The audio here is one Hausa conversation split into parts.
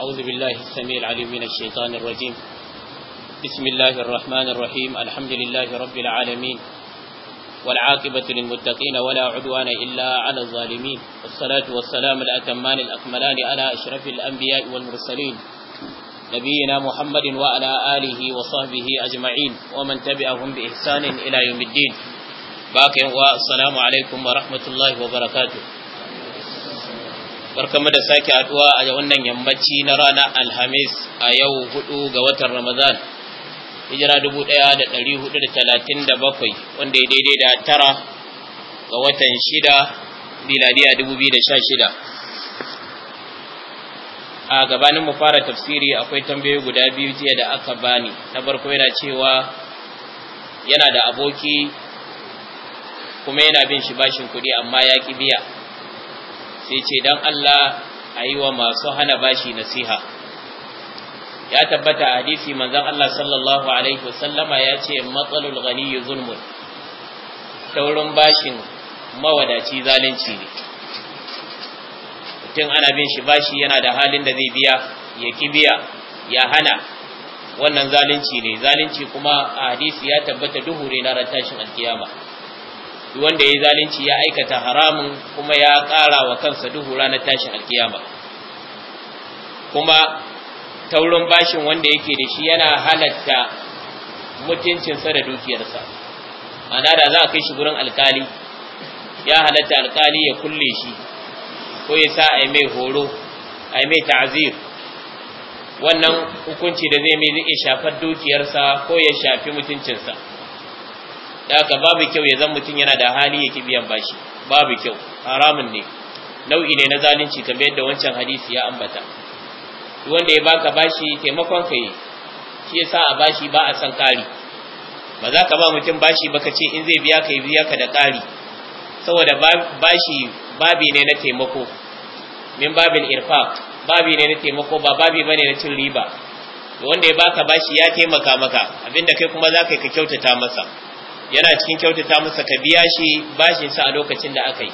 أعوذ بالله السميع العليم من الشيطان الرجيم بسم الله الرحمن الرحيم الحمد لله رب العالمين والعاقبة للمتقين ولا عدوان إلا على الظالمين والصلاة والسلام الأتمان الأكملان على أشرف الأنبياء والمرسلين نبينا محمد وعلى آله وصحبه أجمعين ومن تبعهم بإحسان إلى يوم الدين باقي والسلام عليكم ورحمة الله وبركاته barkamu da sake haduwa a wannan yammaci na rana alhamis a yau hudu ga watan ramadan hijira 1437 wanda ya daidai da tara ga watan shida miladiya 2016 a gabanin mu fara tafsiri akwai tambayoyi guda biyu jiya da aka bani na farko yana cewa yana da aboki kuma yana bin shi bashin kuɗi amma ya ki biya sai ce dan Allah a yi wa masu hana bashi nasiha ya tabbata a hadisi manzon Allah sallallahu alaihi wasallama ya ce matsalul ghani zulmun taurin bashin mawadaci zalunci ne mutum ana bin shi bashi yana da halin da zai biya ya ki biya ya hana wannan zalunci ne zalunci kuma a hadisi ya tabbata duhure na ran tashin alkiyama duk wanda yayi zalunci ya aikata haramun kuma ya ƙara wa kansa duhu ranar tashin alkiyama kuma taurin bashin wanda yake da shi yana halatta mutuncinsa da dukiyarsa ana da za a kai shi gurin alkali ya halatta alkali ya kulle shi ko ya sa a mai horo a mai ta'azir wannan hukunci da zai mai zai shafar dukiyarsa ko ya shafi mutuncinsa da aka babu kyau ya zan mutum yana da hali ya ki biyan bashi babu kyau haramun ne nau'i ne na zalunci kamar yadda wancan hadisi ya ambata wanda ya baka bashi taimakon ka yi shi yasa a bashi ba a san kari ba za ka ba mutum bashi ba ka ce in zai biya ka biya ka da kari saboda bashi babi ne na taimako min babin irfaq babi ne na taimako ba babi bane na cin riba wanda ya baka bashi ya taimaka maka abinda kai kuma za ka kyautata masa yana cikin kyautata masa ka biya shi bashin sa a lokacin da aka yi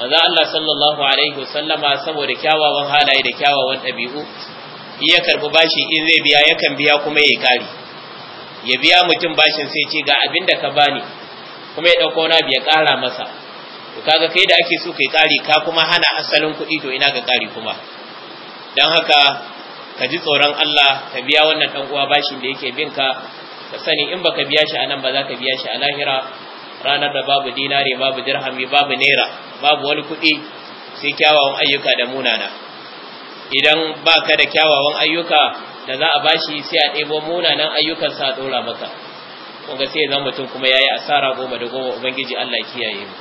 manzo Allah sallallahu alaihi wasallama saboda kyawawan halaye da kyawawan ɗabi'u iya karbi bashi in zai biya yakan biya kuma ya kare. ya biya mutum bashin sai ce ga abin da ka bani kuma ya dauko na biya kara masa to kaga kai da ake so kai kare ka kuma hana asalin kuɗi to ina ga kare kuma dan haka ka ji tsoron Allah ka biya wannan dan uwa bashin da yake bin ka ka sani in baka biya shi a nan ba za ka biya shi a lahira ranar da babu dinari babu dirhami babu naira babu wani kuɗi sai kyawawan ayyuka da munana idan baka da kyawawan ayyuka da za a bashi sai a ɗebo munanan ayyukan sa ɗora maka kuma sai zan mutum kuma ya yi asara goma da goma ubangiji Allah kiyaye mu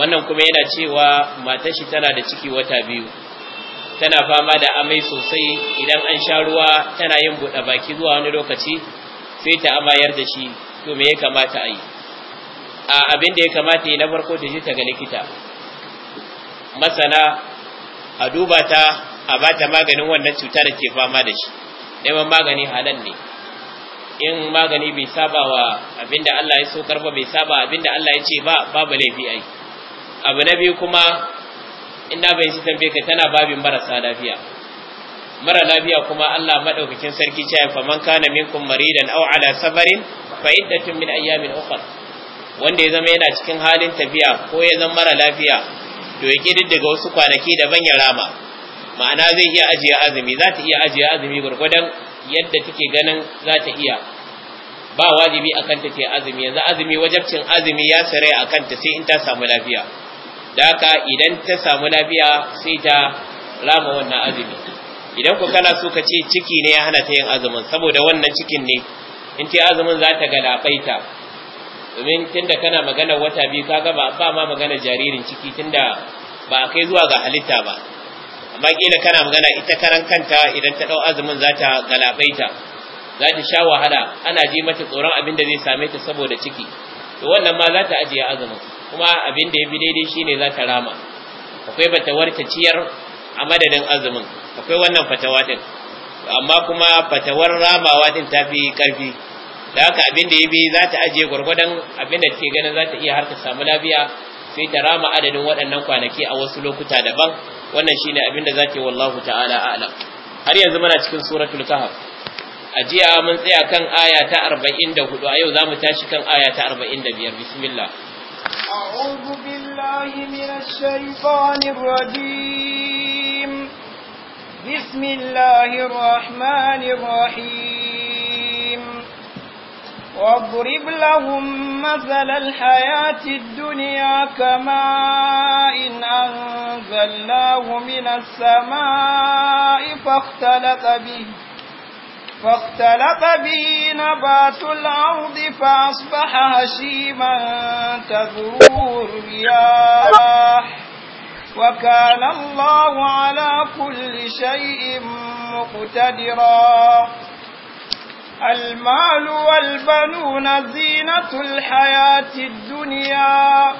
wannan kuma yana cewa matar shi tana da ciki wata biyu tana fama da amai sosai idan an sha ruwa tana yin buɗe baki zuwa wani lokaci sai ta amayar da shi to me ya kamata a yi a abin da ya kamata yi na farko da shi ta ga likita masana a duba ta a ba ta maganin wannan cuta da ke fama da shi neman magani halal ne in magani bai saba wa abin da Allah ya so karfa bai saba abin da Allah ya ce ba babu laifi ai abu na biyu kuma in bai shi tambaye ka tana babin marasa lafiya mara lafiya kuma Allah madaukakin sarki cewa fa man kana minkum maridan aw ala safarin fa iddatun min ayyamin ukhra wanda ya zama yana cikin halin tafiya ko ya zama mara lafiya to ya kididdiga wasu kwanaki daban ya rama ma'ana zai iya ajiye azumi za ta iya ajiye azumi gurgudan yadda take ganin za ta iya ba wajibi akan ta ke azumi yanzu azumi wajabcin azumi ya sare akan ta sai in ta samu lafiya da haka idan ta samu lafiya sai ta rama wannan azumi idan ku kana so ka ce ciki ne ya hana ta yin azumin saboda wannan cikin ne in ce azumin za ta gada baita domin tunda kana magana wata biyu kaga ba ba ma magana jaririn ciki tunda ba a kai zuwa ga halitta ba amma kila kana magana ita karan kanta idan ta dau azumin za ta galabaita za ta sha wahala ana ji mata tsoron abin da zai same ta saboda ciki to wannan ma za ta ajiye azumin kuma abin da ya bi daidai shine za ta rama akwai bata warta ciyar a madadin azumin akwai wannan fatawa din amma kuma fatawar ramawa din ta fi karfi da haka abin da ya bi za ta ajiye gwargwadon abin da ke ganin za ta iya har ta samu lafiya sai ta rama adadin waɗannan kwanaki a wasu lokuta daban wannan shine abin da zake wallahu ta'ala a'lam har yanzu muna cikin suratul kahf a jiya mun tsaya kan aya ta 44 a yau za mu tashi kan aya ta 45 bismillah a'udhu billahi minash بسم الله الرحمن الرحيم واضرب لهم مثل الحياة الدنيا كماء إن أنزلناه من السماء فاختلط به فاختلط به نبات الأرض فأصبح هشيما تذروه الرياح وكان الله على كل شيء مقتدرا المال والبنون زينة الحياة الدنيا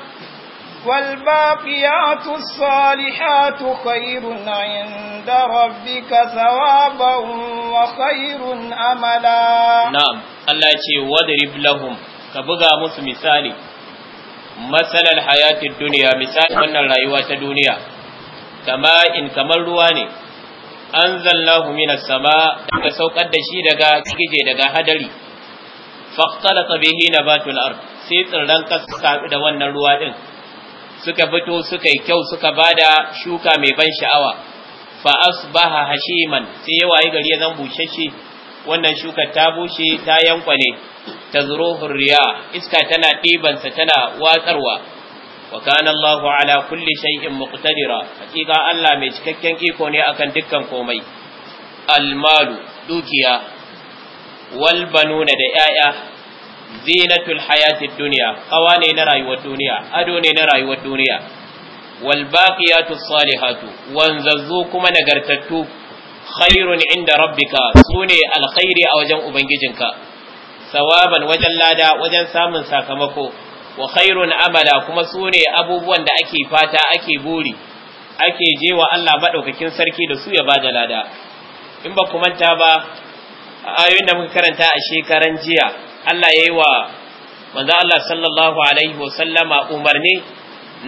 والباقيات الصالحات خير عند ربك ثوابا وخير أملا نعم الله يقول واضرب لهم كبغى مثل مثالي matsalar hayatin duniya misali wannan rayuwa ta duniya kama in kamar ruwa ne an zallahu Humina sama daga saukar da shi daga gige daga hadari fakhtalata bihi nabatul ard sai tsirran kasa da wannan ruwa ɗin. suka fito suka yi kyau suka ba da shuka mai ban sha'awa fa asbaha hashiman sai ya wayi gari ya zan shi. wannan shukar ta bushe ta yankwane ta zuro iska tana ɗibansa tana watsarwa Bakanallahu ala kulli shay'in muqtadira hakika Allah mai cikakken iko ne akan dukkan komai almalu dukiya wal banuna da yaya zinatul hayatid dunya hawa ne na rayuwar duniya ado ne na rayuwar duniya wal baqiyatu salihatu wanzazzu kuma nagartattu khairun inda rabbika sune alkhairi a wajen ubangijinka sawaban wajen lada wajen samun sakamako wa khairun amala kuma sune abubuwan da ake fata ake buri ake je wa Allah maɗaukakin sarki da su ya bada lada in ba ku manta ba ayoyin da muka karanta a shekaran jiya Allah yayi wa manzo Allah sallallahu alaihi wasallama umarni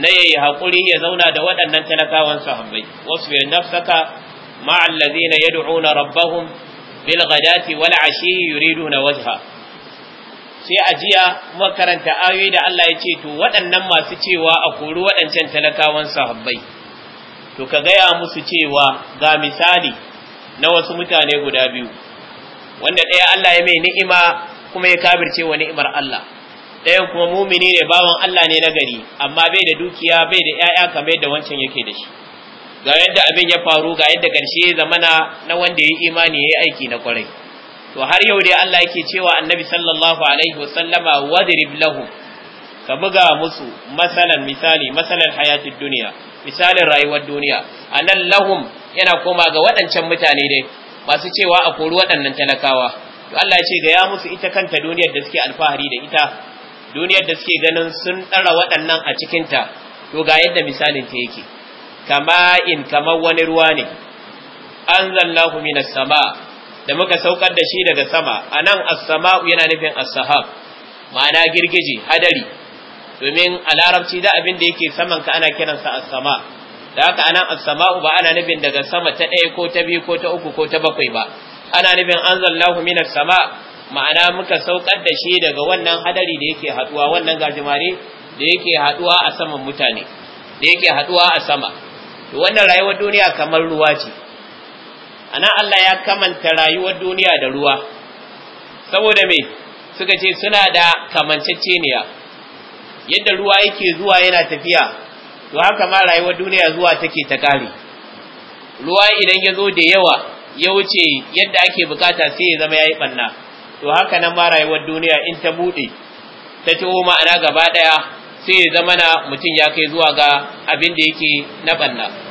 na yayi hakuri ya zauna da waɗannan talakawan sahabbai wasbir nafsaka ma'al ladina yad'una rabbahum bil ghadati wal ashi yuriduna wajha sai a jiya makaranta ayoyi da Allah ya ce to waɗannan masu cewa a kori waɗancan talakawan sahabbai to ka gaya musu cewa ga misali na wasu mutane guda biyu wanda ɗaya Allah ya mai ni'ima kuma ya kabirce wa ni'imar Allah ɗayan kuma mumini ne bawan Allah ne na gari amma bai da dukiya bai da ƴaƴa kamar da wancan yake da shi ga yadda abin ya faru ga yadda ƙarshe zamana na wanda ya yi imani ya yi aiki na kwarai to har yau dai Allah yake cewa annabi sallallahu alaihi wasallama wadrib lahum ka buga musu masalan misali masalan hayatid duniya misalin rayuwar duniya anan lahum yana koma ga waɗancan mutane dai masu cewa a kori waɗannan talakawa to Allah ya ce ga ya musu ita kanta duniyar da suke alfahari da ita duniyar da suke ganin sun tsara waɗannan a cikin ta to ga yadda misalin ta yake kama in kamar wani ruwa ne anzalnahu minas sama da muka saukar da shi daga sama a nan as-sama'u yana nufin as-sahab ma'ana girgije hadari domin a larabci da abin da yake saman ka ana kiransa as-sama da haka anan as-sama'u ba ana nufin daga sama ta ɗaya ko ta biyu ko ta uku ko ta bakwai ba ana nufin zallahu minas sama ma'ana muka saukar da shi daga wannan hadari da yake haɗuwa, wannan gajimare da yake haduwa a saman mutane da yake haduwa a sama to wannan rayuwar duniya kamar ruwa ce ana Allah ya kamanta rayuwar duniya da ruwa saboda me suka ce suna da kamanceceniya yadda ruwa yake zuwa yana tafiya to haka ma rayuwar duniya zuwa take ta kare ruwa idan ya zo da yawa ya wuce yadda ake bukata sai ya zama yayi ɓanna, to haka nan ma rayuwar duniya in ta buɗe ta ma ma'ana gaba ɗaya sai ya zama na mutum ya kai zuwa ga abin da yake na ɓanna.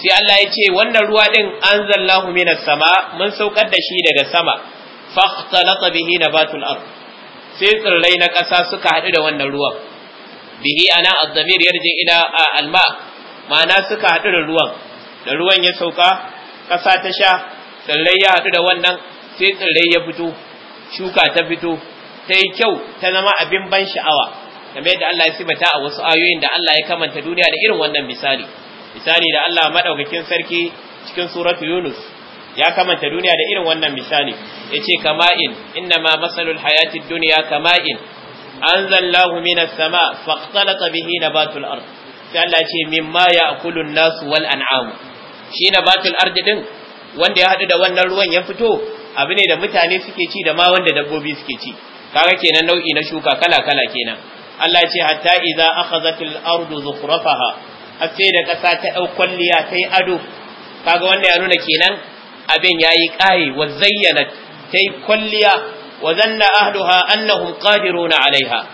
sai Allah ya ce wannan ruwa din zallahu minas sama mun saukar da shi daga sama fahtalata bihi nabatul ard sai tsirrai na kasa suka haɗu da wannan ruwan bihi ana azzamir yarji ila alma ma'ana suka haɗu da ruwan da ruwan ya sauka kasa ta sha tsirrai ya haɗu da wannan sai tsirrai ya fito shuka ta fito ta yi kyau ta zama abin ban sha'awa kamar yadda Allah ya sibata a wasu ayoyin da Allah ya kamanta duniya da irin wannan misali misali da Allah madaukakin sarki cikin suratu Yunus ya kamanta duniya da irin wannan misali yace kama'in innama masalul hayati dunya kama'in anzalallahu minas sama faqtalata bihi nabatul ard sai Allah yace mimma ya'kulun nasu wal an'am shi nabatul ard din wanda ya hadu da wannan ruwan ya fito abu ne da mutane suke ci da ma wanda dabbobi suke ci kaga kenan nau'i na shuka kala kala kenan Allah ce, hatta idza akhazatil ardu zukhrafaha a da ƙasa ta ɗau kwalliya ta yi ado kaga wannan ya nuna kenan abin ya yi ƙaye wa zayyana ta yi kwalliya wa zanna ahduha annahum qadiruna alaiha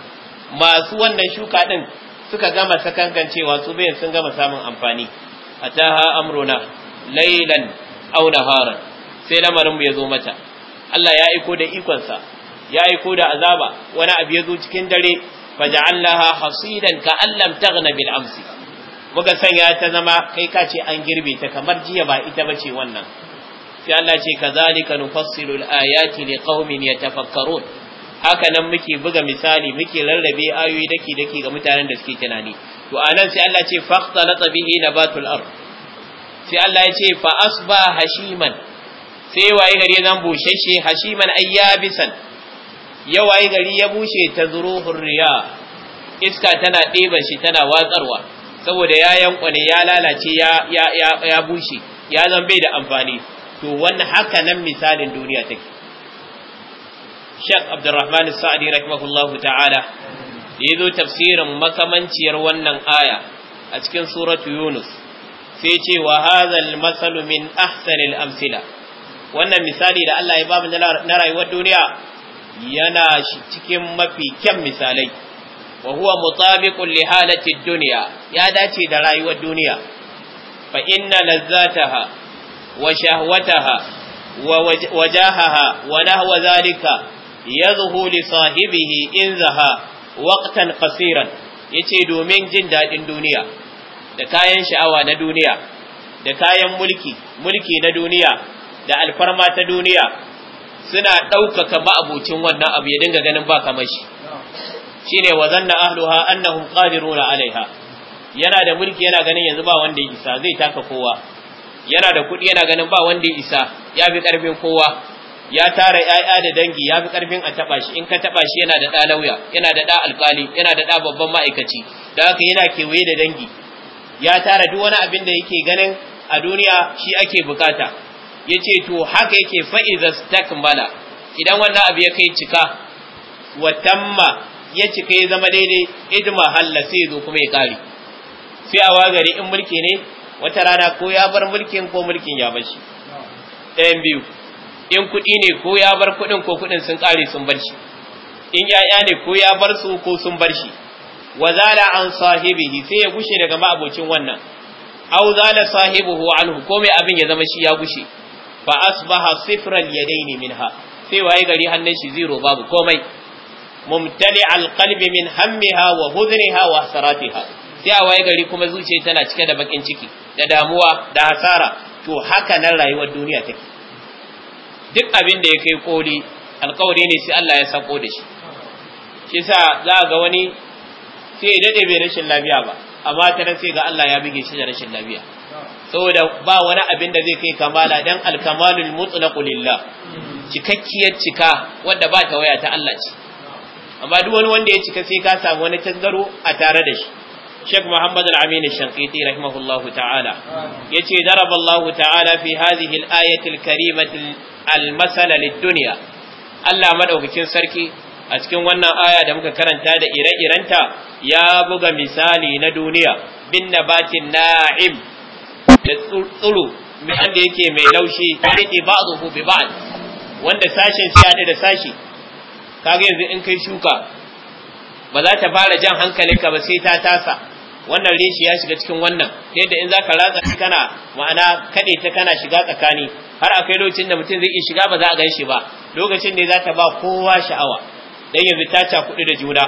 masu wannan shuka ɗin suka gama sakangancewa su bayan sun gama samun amfani ataha amruna laylan aw naharan sai lamarin mu ya zo mata Allah ya aiko da ikonsa ya aiko da azaba wani abu ya zo cikin dare faja'allaha hasidan ka allam na bil amsi muka sanya ta zama kai ka ce an girbe ta kamar jiya ba ita ce wannan sai Allah ce kazalika nufassilu al-ayati ya yatafakkarun haka nan muke buga misali muke rarrabe ayoyi daki daki ga mutanen da suke tunani to anan sai Allah ce faqtalata na batul ard sai Allah ya ce fa asba hashiman sai waye gari zan bushashe hashiman ayyabisan ya waye gari ya bushe ta zuruhur riya iska tana ɗeban shi tana watsarwa saboda ya yankwane ya lalace ya bushe ya zan bai da amfani to wannan haka nan misalin duniya take Sheikh Abdurrahman Sa'di rahimahullahu ta'ala da yazo tafsirin makamanciyar wannan aya a cikin suratu Yunus sai ce wa hadhal masalu min ahsanil amsila wannan misali da Allah ya ba mu na rayuwar duniya yana cikin mafi kyan misalai wa huwa mutabiqun li halati dunya ya dace da rayuwar duniya fa inna lazzataha wa shahwataha wa wajahaha wa nahwa zalika yadhhu li sahibihi in zaha waqtan qasiran yace domin jin dadin duniya da kayan sha'awa na duniya da kayan mulki mulki na duniya da alfarma ta duniya suna ɗaukaka ma'abucin wannan abu ya dinga ganin ba kamar shi shine wa zanna ahluha annahum qadiruna alaiha yana da mulki yana ganin yanzu ba wanda ya isa zai taka kowa yana da kuɗi yana ganin ba wanda ya isa ya fi karfin kowa ya tara ‘ya'ya da dangi ya fi ƙarfin a taɓa shi in ka taɓa shi yana da ɗa lauya yana da ɗa alƙali yana da ɗa babban ma'aikaci da haka yana kewaye da dangi ya tara duk wani abin da yake ganin a duniya shi ake bukata ya ce to haka yake fa'iza takmala idan wannan abu ya kai cika wa tamma. ya cika ya zama daidai idma halla sai zo kuma ya kare sai a wagari in mulki ne wata rana ko ya bar mulkin ko mulkin ya bar shi ɗayan biyu in kuɗi ne ko ya bar kuɗin ko kuɗin sun kare sun bar shi in ya'ya ne ko ya bar su ko sun bar shi wa zala an sahibihi sai ya gushe daga ma'abocin wannan aw zala sahibuhu anhu ko mai abin ya zama shi ya gushe fa asbaha sifran yadaini minha sai waye gari hannun shi zero babu komai mumtali alqalbi min hammiha wa hudriha wa hasaratiha sai a waye gari kuma zuciya tana cike da bakin ciki da damuwa da hasara to haka nan rayuwar duniya take duk abin da ya kai koli alkawari ne sai Allah ya sako da shi shi sa za a ga wani sai ya dade bai rashin lafiya ba amma ta sai ga Allah ya bige shi da rashin lafiya saboda ba wani abin da zai kai kamala dan alkamalul mutlaqu lillah cikakkiyar cika wanda ba ta waya ta Allah ce amma duk wani wanda ya cika sai ka samu wani tangaro a tare da shi Sheikh Muhammad Al-Amin Al-Shanqiti rahimahullahu ta'ala yace daraballahu ta'ala fi hadhihi al-ayati al-karimati al-masala lid-dunya Allah madaukakin sarki a cikin wannan aya da muka karanta da ire-irenta ya buga misali na duniya bin nabatin na'im da tsuru wanda yake mai laushi yake ba'dhu bi ba'd wanda sashin shi da sashi kaga yanzu in kai shuka ba za ta fara jan ka ba sai ta tasa wannan reshi ya shiga cikin wannan ta yadda in zaka ratsa kana ma'ana kade ta kana shiga tsakani har akwai lokacin da mutum zai iya shiga ba za a gan shi ba lokacin da za ta ba kowa sha'awa dan yanzu ta kuɗi da juna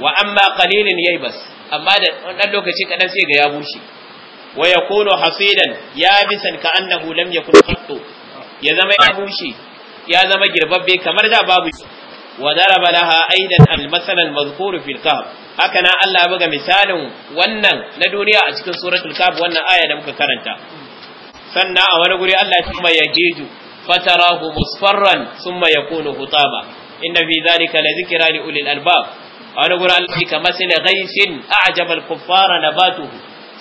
wa amma qalilin yaybas amma da wannan lokaci kadan sai ga ya bushe wa yakunu hasidan yabisan ka annahu lam yakun qattu ya zama ya bushe ya zama girbabbe kamar da babu wa daraba laha aidan al-masal al-madhkur fil haka na Allah buga misalin wannan na duniya a cikin suratul kahf wannan aya da muka karanta sannan a wani guri Allah ya kuma yajeju fatarahu musfarran thumma yakunu hutaba inna fi dhalika la dhikra li ulil albab a wani guri Allah ya kama sai ghaisin a'jaba al-kuffara nabatuhu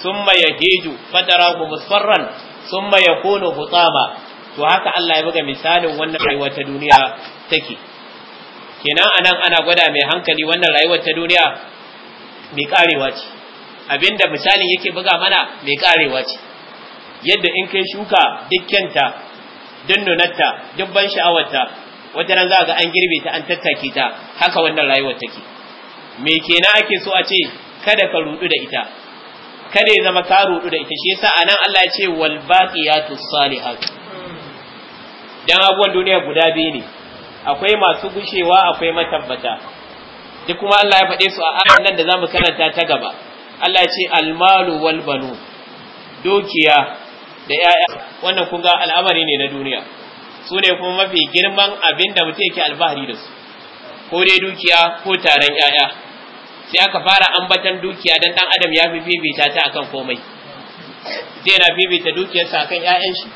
thumma yajeju fatarahu musfarran thumma yakunu hutaba to haka Allah ya buga misalin wannan rayuwa ta duniya take kenan anan ana gwada mai hankali wannan rayuwar ta duniya mai karewa ce abinda misalin yake buga mana mai karewa ce yadda in kai shuka dukkanta dunnunatta, duk ban sha'awarta wata ran za ga an girbe ta an tattake ta haka wannan rayuwar take me kenan ake so a ce kada ka rudu da ita kada ya zama ka rudu da ita shi yasa anan Allah ya ce wal baqiyatu salihat dan abuwan duniya guda biyu ne akwai masu gushewa akwai matabbata duk kuma Allah ya faɗe su a ayan nan da zamu karanta ta gaba Allah ya ce almalu wal banu dukiya da yaya wannan kun ga al'amari ne na duniya su ne kuma mafi girman abin da mutum yake albahari da su ko dai dukiya ko taron yaya sai aka fara ambatan dukiya dan dan adam ya fi fifita ta akan komai sai na fifita dukiyarsa akan 'ya'yan shi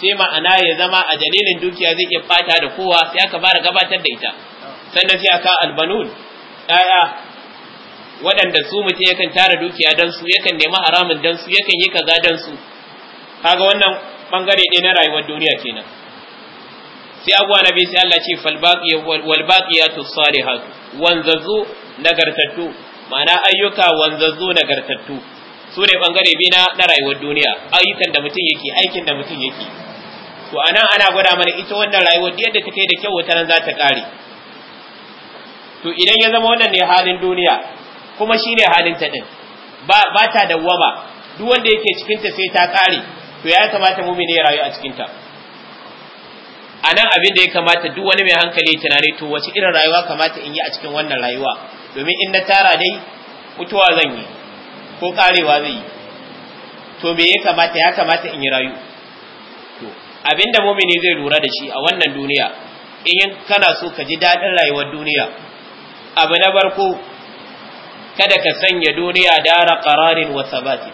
sai ma'ana ya zama a dalilin dukiya zai iya fata da kowa sai aka fara gabatar da ita sannan sai aka albanun ɗaya waɗanda su mutum yakan tara dukiya don su yakan nemi haramun don su yakan yi kaza don su kaga wannan bangare ɗaya na rayuwar duniya kenan sai abuwa na biyu sai Allah ce wal baqiyatu salihat wanzazu nagartattu ma'ana ayyuka wanzazu nagartattu su ne bangare biyu na rayuwar duniya ayyukan da mutum yake aikin da mutum yake to anan ana gwada mana ita wannan rayuwar da yadda take da kyau wata nan za ta kare to idan ya zama wannan ne halin duniya kuma shine halin ta din ba ba ta dawwama duk wanda yake cikin ta sai ta kare to ya kamata mu ya rayu a cikin ta anan abin da ya kamata duk wani mai hankali ya tunani to wace irin rayuwa kamata in yi a cikin wannan rayuwa domin in na tara dai mutuwa zan yi ko karewa zai yi to me ya kamata ya kamata in yi rayu abinda mumini zai lura da shi a wannan duniya in kana so ka ji daɗin rayuwar duniya abu na barko kada ka sanya duniya dara ƙararin wa sabati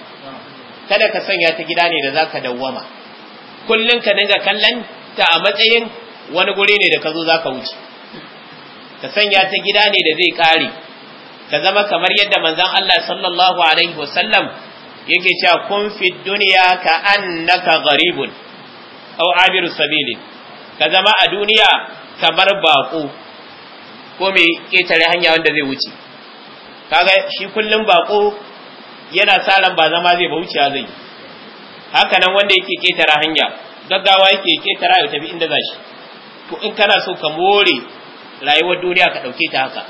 kada ka sanya ta gida ne da zaka dawwama kullun ka dinga kallon ta a matsayin wani guri ne da ka zo zaka wuce ka sanya ta gida ne da zai ƙare ka zama kamar yadda manzon Allah sallallahu alaihi wasallam yake cewa kun fi dunya ka annaka gharibun aw abiru sabili ka zama a duniya kamar baƙo ko mai ƙetare hanya wanda zai wuce kaga shi kullum baƙo yana salan ba zama zai ba wucewa zai haka nan wanda yake ƙetare hanya gaggawa yake ketara ya tafi inda zashi to in kana so ka more rayuwar duniya ka ɗauke ta haka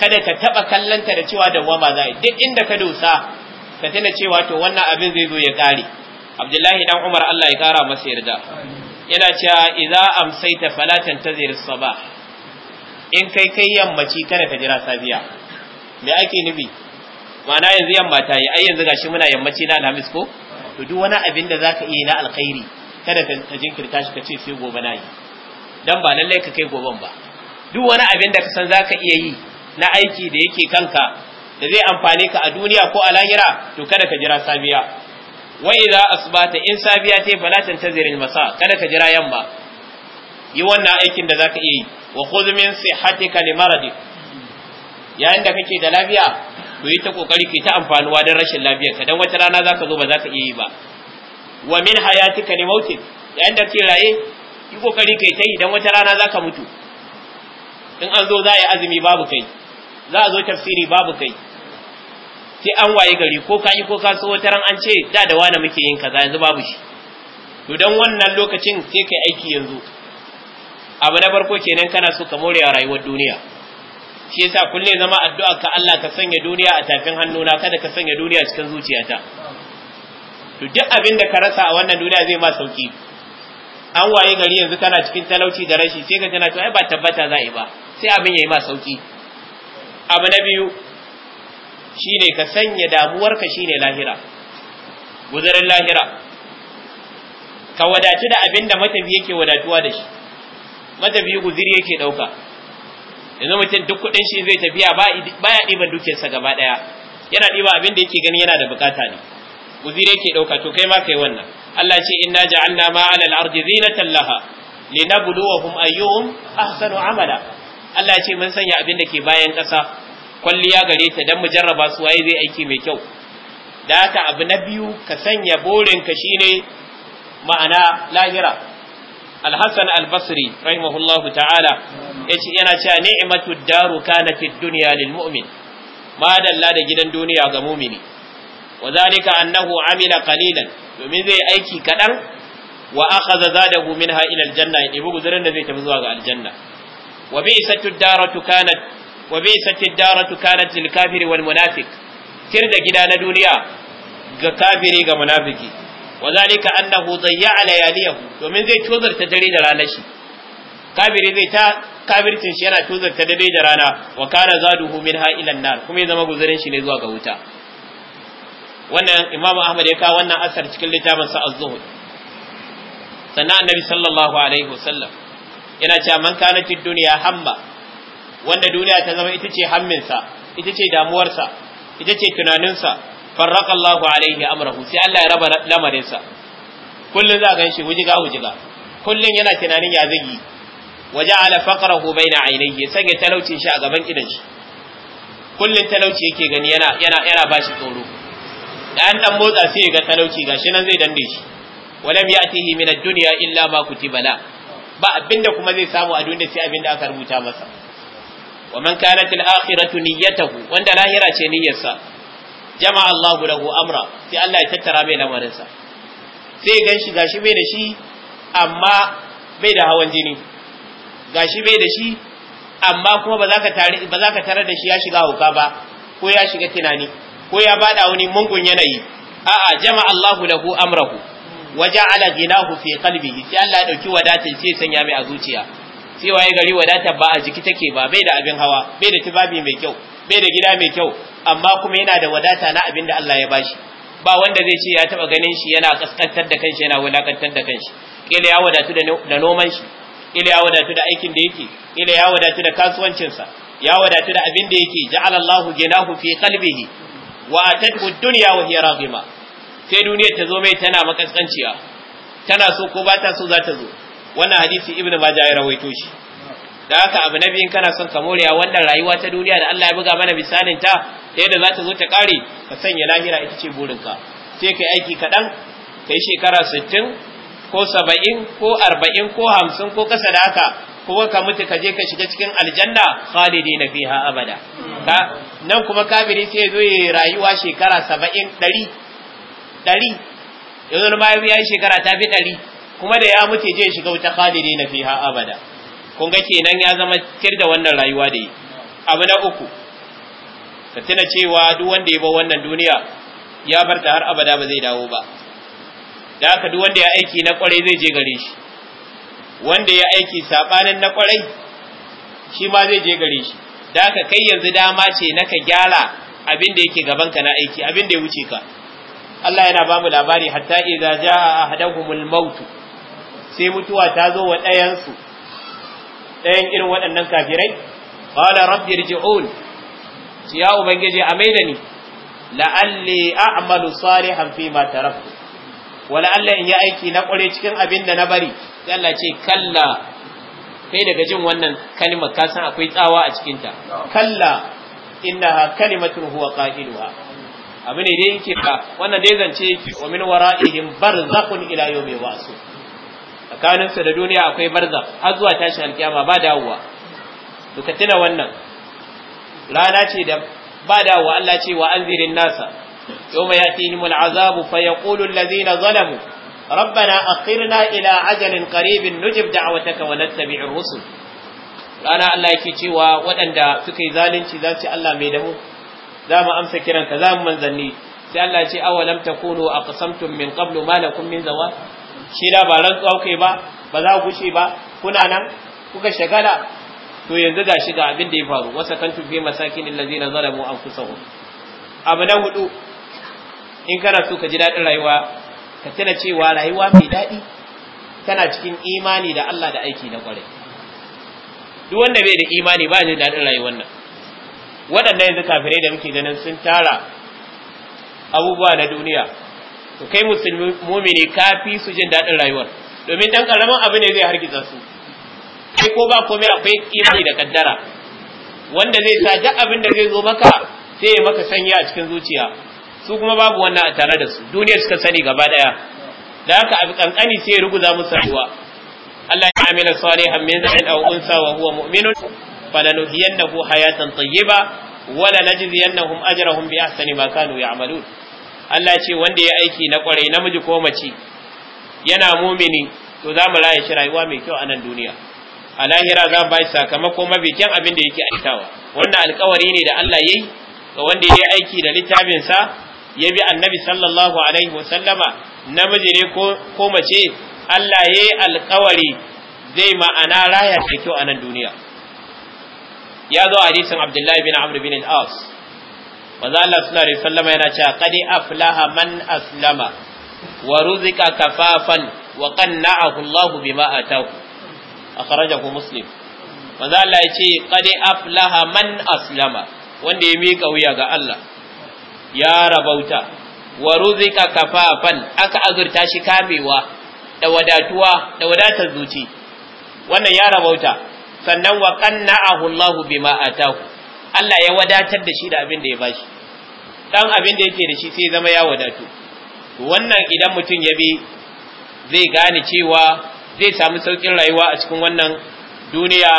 kada ka taɓa kallanta da cewa dawwama za duk inda ka dosa ka tana cewa to wannan abin zai zo ya ƙare. abdullahi dan umar Allah ya kara masa yarda yana cewa idza amsayta fala tantazir sabah in kai kai yammaci kada ka jira safiya me ake nufi ma'ana yanzu yamma ta yi ai yanzu gashi muna yammaci na alhamis ko to duk wani abin da zaka iya na alkhairi kada ka jinkirta shi ka ce sai gobe na yi dan ba lallai ka kai goben ba duk wani abin da ka san zaka iya yi na aiki da yake kanka da zai amfane ka a duniya ko a lahira to kada ka jira safiya wa idza asbata in safiya tayi fala tantazir al-masa kada ka jira yamma yi wannan aikin da zaka iya yi wa khudh min sihhatika li maradi yayin da kake da lafiya to yi ta kokari ki ta amfanuwa don rashin ka dan wata rana zaka zo ba zaka iya yi ba wa min hayatika li mauti yayin da kake raye yi kokari kai ta yi dan wata rana zaka mutu in an zo za a yi azumi babu kai za a zo tafsiri babu kai sai an waye gari ko ka yi ko ka so wata ran an ce da da wani muke yin kaza yanzu babu shi to dan wannan lokacin sai kai aiki yanzu abu na farko kenan kana so ka more rayuwar duniya shi yasa kulle zama addu'a ka Allah ka sanya duniya a tafin hannuna kada ka sanya duniya cikin zuciyata to duk abin da ka rasa a wannan duniya zai ma sauki an waye gari yanzu kana cikin talauci da rashi sai ka tana to ai ba tabbata za ba sai abin yayi ma sauki abu na biyu shine ka sanya damuwarka shine lahira guzarin lahira ka wadatu da abin da matafi yake wadatuwa da shi matafi guziri yake dauka yanzu mutum duk kudin shi zai tafiya ba baya ɗiban dukiyarsa gaba ɗaya yana ɗiba abinda yake gani yana da bukata ne guziri yake ɗauka to kai ma kai wannan Allah ce inna ja'alna ma alal ardi zinatan laha linabluwahum ayyuhum ahsanu amala Allah ce mun sanya abin da ke bayan ƙasa kwalliya gare ta dan mu jarraba su waye zai aiki mai kyau da abu na biyu ka sanya burin ka shine ma'ana lahira Alhassan Albasri Al-Basri rahimahullahu ta'ala yace yana cewa ni'matu daru kana fid dunya lil mu'min madalla da gidan duniya ga mu'mini wa zalika annahu amila qalilan domin zai aiki kadan wa akhadha zadahu minha ila aljanna ya bugu guzurin da zai tafi zuwa ga aljanna wa bi'satu daratu kanat wa bi'satid daratu kanat lil kafiri wal munafiq tir da gida na duniya ga kafiri ga munafiki wa zalika annahu dayya'a layaliyahu domin zai tozarta dare da ranar shi kafiri zai ta kafircin shi yana tozarta dare da rana wa kana zaduhu minha ila nar kuma ya zama guzarin shi ne zuwa ga wuta wannan imamu ahmad ya kawo wannan asar cikin littafin sa az-zuhud sannan annabi sallallahu alaihi wasallam yana cewa man kana fid dunya hamma wanda duniya ta zama ita ce hamminsa ita ce damuwarsa ita ce tunaninsa farraka Allahu alaihi amrahu sai Allah ya raba lamarinsa kullun za gan shi wujiga wujiga kullun yana tunanin ya zagi waja'ala faqrahu baina ainihi ya sanya talaucin shi a gaban idan shi kullun talauci yake gani yana yana yana bashi tsoro dan an dan motsa sai ya ga talauci gashi nan zai dande shi walam ya'tihi min ad-dunya illa ma kutiba la ba abinda kuma zai samu a duniya sai abinda aka rubuta masa wa man kanat al-akhiratu niyyatahu wanda lahira ce niyyarsa jama'a Allahu lahu amra sai Allah ya tattara mai lamarin sa sai ganshi gashi bai da shi amma bai da hawan jini gashi bai da shi amma kuma ba za ka tare ba za ka tare da shi ya shiga hauka ba ko ya shiga tunani ko ya bada wani mungun yanayi a'a jama'a Allahu lahu amrahu waja'ala ghinahu fi qalbihi sai Allah ya dauki wadatin sai sanya mai a zuciya sai waye gari wadata ba a jiki take ba bai da abin hawa bai da tibabi mai kyau bai da gida mai kyau amma kuma yana da wadata na abin da Allah ya bashi ba wanda zai ce ya taba ganin shi yana kaskantar da kanshi yana wulakantar da kanshi kila ya wadatu da noman shi kila ya wadatu da aikin da yake kila ya wadatu da kasuwancin sa ya wadatu da abin da yake ja'alallahu ginahu fi qalbihi wa atatu dunya wa hiya radima sai duniyar ta zo mai tana makaskanciya tana so ko ba ta so za ta zo wannan hadisi ibnu majah ya rawaito shi da haka abu na biyun kana son ka morewa wannan rayuwa ta duniya da Allah ya buga mana bisanin ta yadda za ta zo ta kare ka sanya lahira ita ce burin ka. sai kai aiki kaɗan ka yi shekara sittin ko saba'in ko arba'in ko hamsin ko kasa da haka kuma ka mutu ka je ka shiga cikin aljanna khalidi na fiha abada ka nan kuma kafiri sai ya zo ya rayuwa shekara saba'in 100 yanzu ma ya yi shekara ta fi ɗari kuma da ya mutu je shiga wuta khalidi na fiha abada kun ga kenan ya zama kir da wannan rayuwa da yi abu na uku ka tuna cewa duk wanda ya bar wannan duniya ya bar ta har abada ba zai dawo ba da haka duk wanda ya aiki na kwarai zai je gare shi wanda ya aiki sabanin na kwarai shi ma zai je gare shi da haka kai yanzu dama ce na ka gyara abin da yake gaban ka na aiki abin da ya wuce ka Allah yana ba mu labari hatta idza jaa ahaduhumul mautu sai mutuwa ta zo wa ɗayansu ɗayan irin waɗannan kafirai qala rabbi irji'un ci ya ubangiji a da ni la'alli a'malu salihan fi ma taraktu wa la'alla in yi aiki na ƙware cikin abin da na bari sai Allah ce kalla kai daga jin wannan kalmar ka san akwai tsawa a cikin ta kalla innaha kalimatun huwa qailuha abu ne dai yake ka wannan dai zance wa min wara'ihim barzakhun ila yawmi ba'su tsakaninsu da duniya akwai barza har zuwa tashin alkiyama ba dawowa to tuna wannan rana ce da ba dawowa Allah ce wa anzirin nasa yawma yatihimul azabu fayaqulu allazina zalamu ربنا أخرنا إلى أجل قريب نجب دعوتك ونتبع الرسل rana Allah yake cewa waɗanda suka yi zalunci za su Allah mai damu za mu amsa kiranka za mu manzanni sai Allah ce awalam takunu aqsamtum min qablu ma lakum min zawa shi labaran tsauke ba ba za ku gushe ba kuna nan kuka shagala to yanzu ga shi ga abin da ya faru wasa kan tufe masakin allazina zalamu anfusahum abu na hudu in kana so ka ji daɗin rayuwa ka tana cewa rayuwa mai daɗi tana cikin imani da Allah da aiki na kwarai duk wanda bai da imani ba jin daɗin rayuwar nan waɗannan yanzu kafirai da muke ganin sun tara abubuwa na duniya to kai musulmi mumini kafi su jin daɗin rayuwar domin dan karamin abu ne zai hargitsa su kai ko ba komai akwai imani da kaddara wanda zai sa duk abin da zai zo maka sai ya maka sanya a cikin zuciya su kuma babu wannan a tare da su duniya suka sani gaba ɗaya. da haka abu kankani sai ya ruguza musu ruwa Allah ya amila salihan min za'in aw unsa wa huwa mu'minun falanuhiyannahu hayatan tayyiba wala najziyannahum ajrahum bi ahsani ma kanu ya'malun Allah ce wanda ya aiki na kwarai namiji ko mace yana mumini to za mu raye shi rayuwa mai kyau a nan duniya a lahira za mu bai sakamako mafi kyan abin da yake aikawa wannan alkawari ne da Allah yayi ga wanda ya aiki da littafin sa ya bi annabi sallallahu alaihi wasallama namiji ne ko ko mace Allah yayi alkawari zai ma'ana raya da kyau a nan duniya ya zo a hadisin Abdullahi bin Amr bin al-As manzo Allah sallallahu alaihi wasallam yana cewa qad aflaha man aslama wa ruzika kafafan wa qanna'ahu Allah bima ataw akhrajahu muslim manzo Allah ya ce qad aflaha man aslama wanda ya mika wuya ga Allah ya rabauta wa ruzika kafafan aka azurta shi kamewa da wadatuwa da wadatar zuci wannan ya rabauta sannan wa qanna'ahu Allah bima ataw Allah ya wadatar da shi da abin da ya bashi dan abin da yake da shi sai zama ya wadatu wannan idan mutum ya bi zai gane cewa zai samu saukin rayuwa a cikin wannan duniya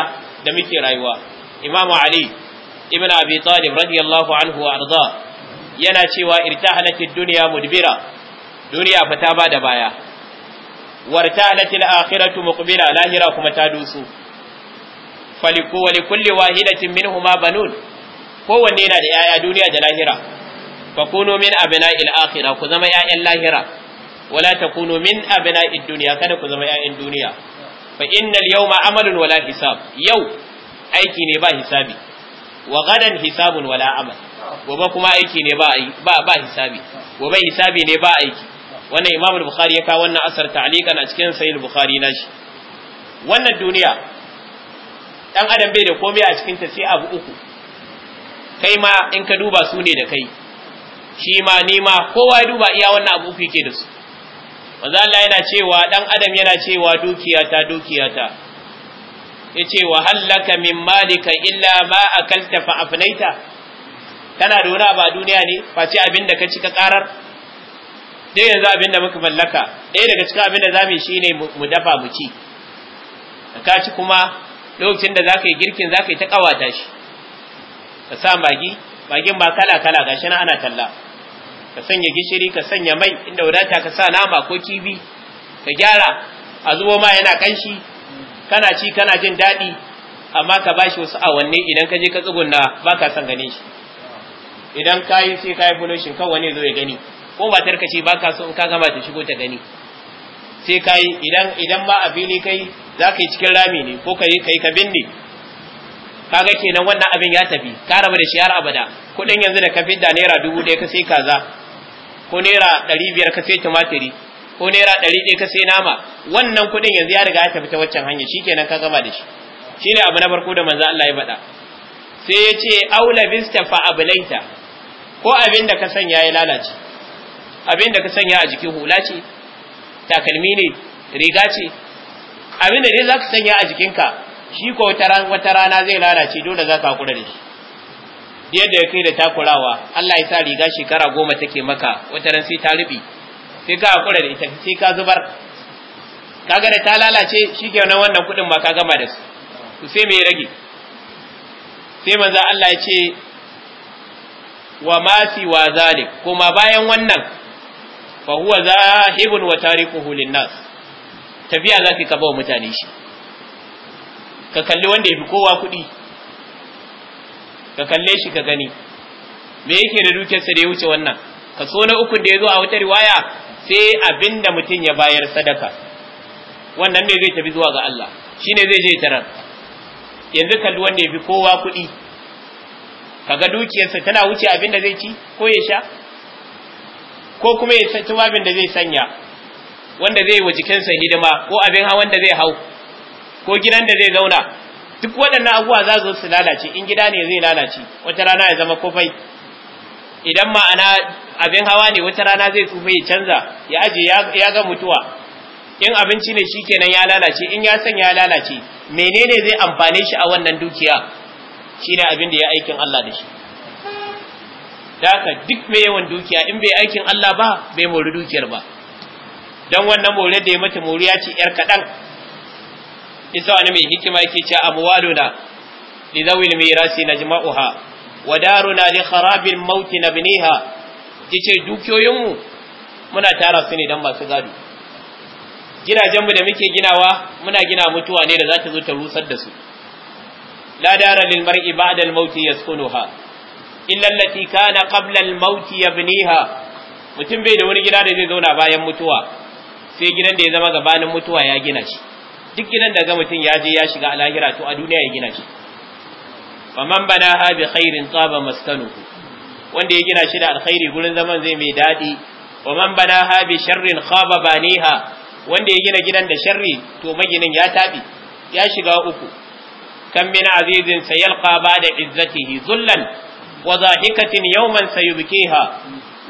da muke rayuwa imamu ali ibn abi talib radiyallahu anhu wa arda yana cewa irtahalatid dunya mudbira duniya fa ta bada baya wartahalatil akhiratu muqbila lahira kuma ta dusu faliku wa likulli wahidatin minhuma banun kowanne yana da ‘ya'ya duniya da lahira fa kuno min abina akhira ku zama ‘ya'yan lahira wala ta kuno min abina duniya kada ku zama ‘ya'yan duniya fa innal yawma amalun wala hisab yau aiki ne ba hisabi wa gadan hisabun wala amal gobe kuma aiki ne ba ba ba hisabi gobe hisabi ne ba aiki wannan imam al-bukhari ya kawo wannan asar ta'liqan a cikin sahih al-bukhari nashi wannan duniya dan adam bai da komai a cikin ta sai abu uku kai ma in ka duba su ne da kai shi ma ni ma kowa ya duba iya wannan abu ke da su manzo Allah yana cewa dan adam yana cewa dukiyata dukiyata yace wa hallaka min malika illa ma akalta fa afnaita Tana da wani ba duniya ne ce abin da ka ci ka karar dai yanzu abin da muka mallaka ɗaya daga cikin abin da zamu ne mu dafa mu ci ka ci kuma lokacin da zaka yi girkin zaka yi ta kawata shi ka sa magi magin ba kala kala gashi na ana talla ka sanya gishiri ka sanya mai inda wadata ka sa nama ko kibi ka gyara a zubo ma yana kanshi kana ci kana jin daɗi amma ka bashi wasu awanni idan ka je ka tsugunna ba ka san ganin shi idan ka yi sai ka yi kan wani zo ya gani ko ba ka ce ba ka so in ka gama ta shigo ta gani sai ka yi idan idan ma a fili kai za ka yi cikin rami ne ko ka yi ka binne kaga kenan wannan abin ya tafi ka raba da shi har abada kuɗin yanzu da ka fidda naira dubu ɗaya ka sai kaza ko naira ɗari biyar ka sai tumatiri ko naira ɗari ɗaya ka sai nama wannan kuɗin yanzu ya riga ya tafi ta waccan hanya kenan ka gama da shi Shi ne abu na farko da manzo Allah ya faɗa sai ya ce aula bista fa ablaita ko abin da ka sanya ya lalace abin da ka sanya a jikin hula ce takalmi ne riga ce abin da dai zaka ka sanya a jikinka shi ko wata rana zai lalace dole za ka kura da shi da ya kai da takurawa Allah ya sa riga shekara goma take maka wata ran sai ta rubi sai ka kura da ita sai ka zubar kaga da ta lalace shi nan wannan kudin ma ka gama da su to sai me ya rage sai manzo Allah ya ce wa ma wa zalik kuma bayan wannan fa huwa zahibun wa tarikuhu lin nas tafiya zaki ka ba mutane shi ka kalli wanda ya fi kowa kuɗi ka kalle shi ka gani me yake da dukiyarsa da ya wuce wannan Ka so na uku da ya zo a wata riwaya sai abinda da mutum ya bayar sadaka wannan ne zai tafi zuwa ga Allah Shi shine zai je tarar yanzu kalli wanda ya fi kowa kuɗi kaga dukiyarsa tana wuce abinda zai ci ko ya sha ko kuma ya ci abin da zai sanya wanda zai wa jikinsa hidima ko abin hawan da zai hau ko gidan da zai zauna duk waɗannan abubuwa za su su lalace in gida ne zai lalace wata rana ya zama kofai idan ma'ana abin hawa ne wata rana zai tsufa ya canza ya aje ya ga mutuwa in abinci ne shikenan ya lalace in ya sanya ya lalace menene zai amfane shi a wannan dukiya shine abin da ya aikin Allah da shi daka duk mai yawan dukiya in bai aikin Allah ba bai mori dukiyar ba don wannan more da ya mata ya ce yar kaɗan isa wani mai hikima yake ce amwaluna li zawil mirasi najma'uha wa daruna li kharabil maut nabniha yace dukiyoyinmu muna tara su ne dan masu gado gidajenmu da muke ginawa muna gina mutuwa ne da za ta zo ta rusar da su la dara lil mar'i ba'da al maut yaskunuha illa allati kana qabla al maut yabniha mutum bai da wani gida da zai zauna bayan mutuwa sai gidan da ya zama gabanin mutuwa ya gina shi duk gidan da ga mutum ya je ya shiga alahira to a duniya ya gina shi faman bana ha bi khairin tsaba maskanuhu wanda ya gina shi da alkhairi gurin zaman zai mai daɗi faman bana ha bi sharrin khaba baniha wanda ya gina gidan da sharri to maginin ya tabi ya shiga uku kan min azizin sayalqa ba'da izzatihi zullan wa zahikatin yawman sayubkiha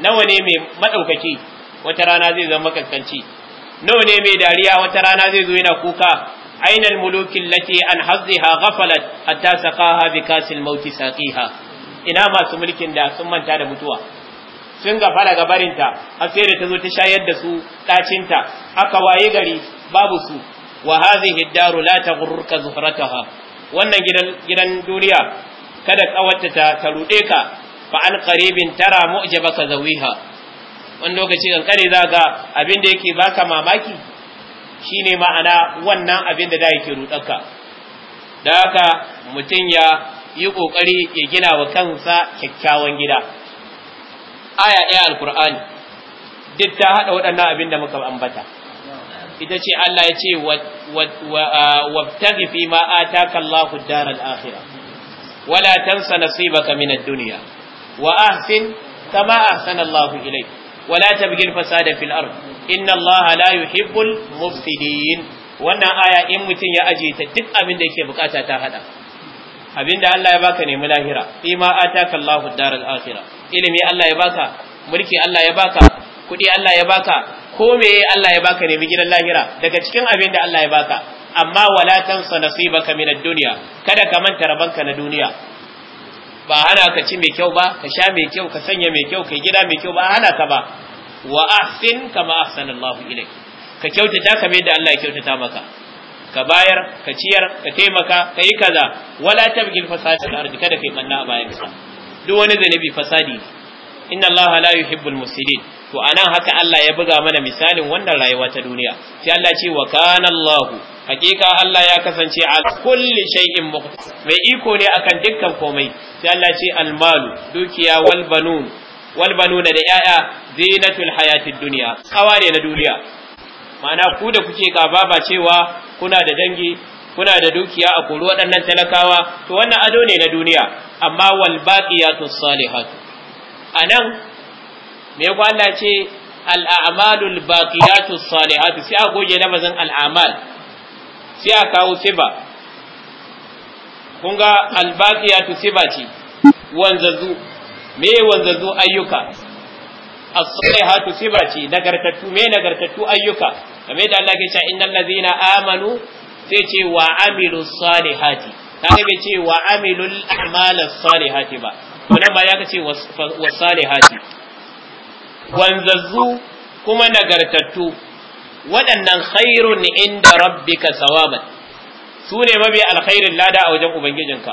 nawa ne mai madaukaki wata rana zai zama kaskanci nawa ne mai dariya wata rana zai zo yana kuka ainal mulukin lati an hazziha ghafalat hatta saqaha bi kasil mauti saqiha ina masu mulkin da sun manta da mutuwa sun gafara ga barinta har sai da ta zo ta shayar da su ɗacinta aka waye gari babu su wa hadhihi daru la taghurruka zuhrataha wannan gidan gidan duniya kada kawarta ta rude ka fa an qaribin tara mu'jabaka zawiha wani lokaci kankare za ga abin da yake baka mamaki shine ma'ana wannan abin da da yake rudarka da haka mutum ya yi kokari ya gina wa kansa kyakkyawan gida aya ɗaya alkur'ani duk ta haɗa waɗannan abin da muka ambata ita ce Allah ya ce wabtaghi fi ma ataka Allahu ad-daral akhirah wala tansa nasibaka min ad-dunya wa ahsin kama ahsana Allahu wala tabghi al da fil ard inna allaha la yuhibbul mufsidin wannan aya in mutum ya aje ta duk abin da yake bukata ta hada abinda Allah ya baka nemi lahira fi ma ataka Allahu daral akhirah ilimi Allah ya baka mulki Allah ya baka kudi Allah ya baka ko meye Allah ya baka nemi gidan lahira daga cikin abin da Allah ya baka amma wala tansa nasibaka min ad-dunya kada ka manta rabanka na duniya ba hana ka ci mai kyau ba ka sha mai kyau ka sanya mai kyau ka gida mai kyau ba hana ka ba wa ahsin kama ahsana Allahu ilayk ka kyautata kamar yadda Allah ya kyautata maka ka bayar ka ciyar ka taimaka ka yi kaza wala tabgil fasadi arzika ardi kada kai banna a bayan ka duk wani zanabi fasadi inna Allah la yuhibbul mufsidin to anan haka Allah ya buga mana misalin wannan rayuwa ta duniya sai Allah ce wa kana Allahu hakika Allah ya kasance a kulli shay'in mai iko ne akan dukkan komai sai Allah ce almalu dukiya wal banun wal banuna da yaya zinatul hayatid dunya ne na duniya ma'ana ku da kuke gaba baba cewa kuna da dangi kuna da dukiya a kori waɗannan talakawa to wannan ado ne na duniya amma wal baqiyatus salihatu anan me ya Allah ce al'amalul baqiyatu salihat sai a goge lafazin al'amal sai a kawo siba kun ga baqiyatu siba ce wanzazu me wanzazu ayyuka as salihat siba ce nagartattu me nagartattu ayyuka kamar da Allah ke cewa innal ladzina amanu sai ce wa amilus salihat Ta ne ce wa amilul a'malas salihat ba wannan ba ya kace was salihati wanzazzu kuma nagartattu waɗannan khairun inda rabbika sawaban su ne mabi alkhairin lada a wajen ubangijinka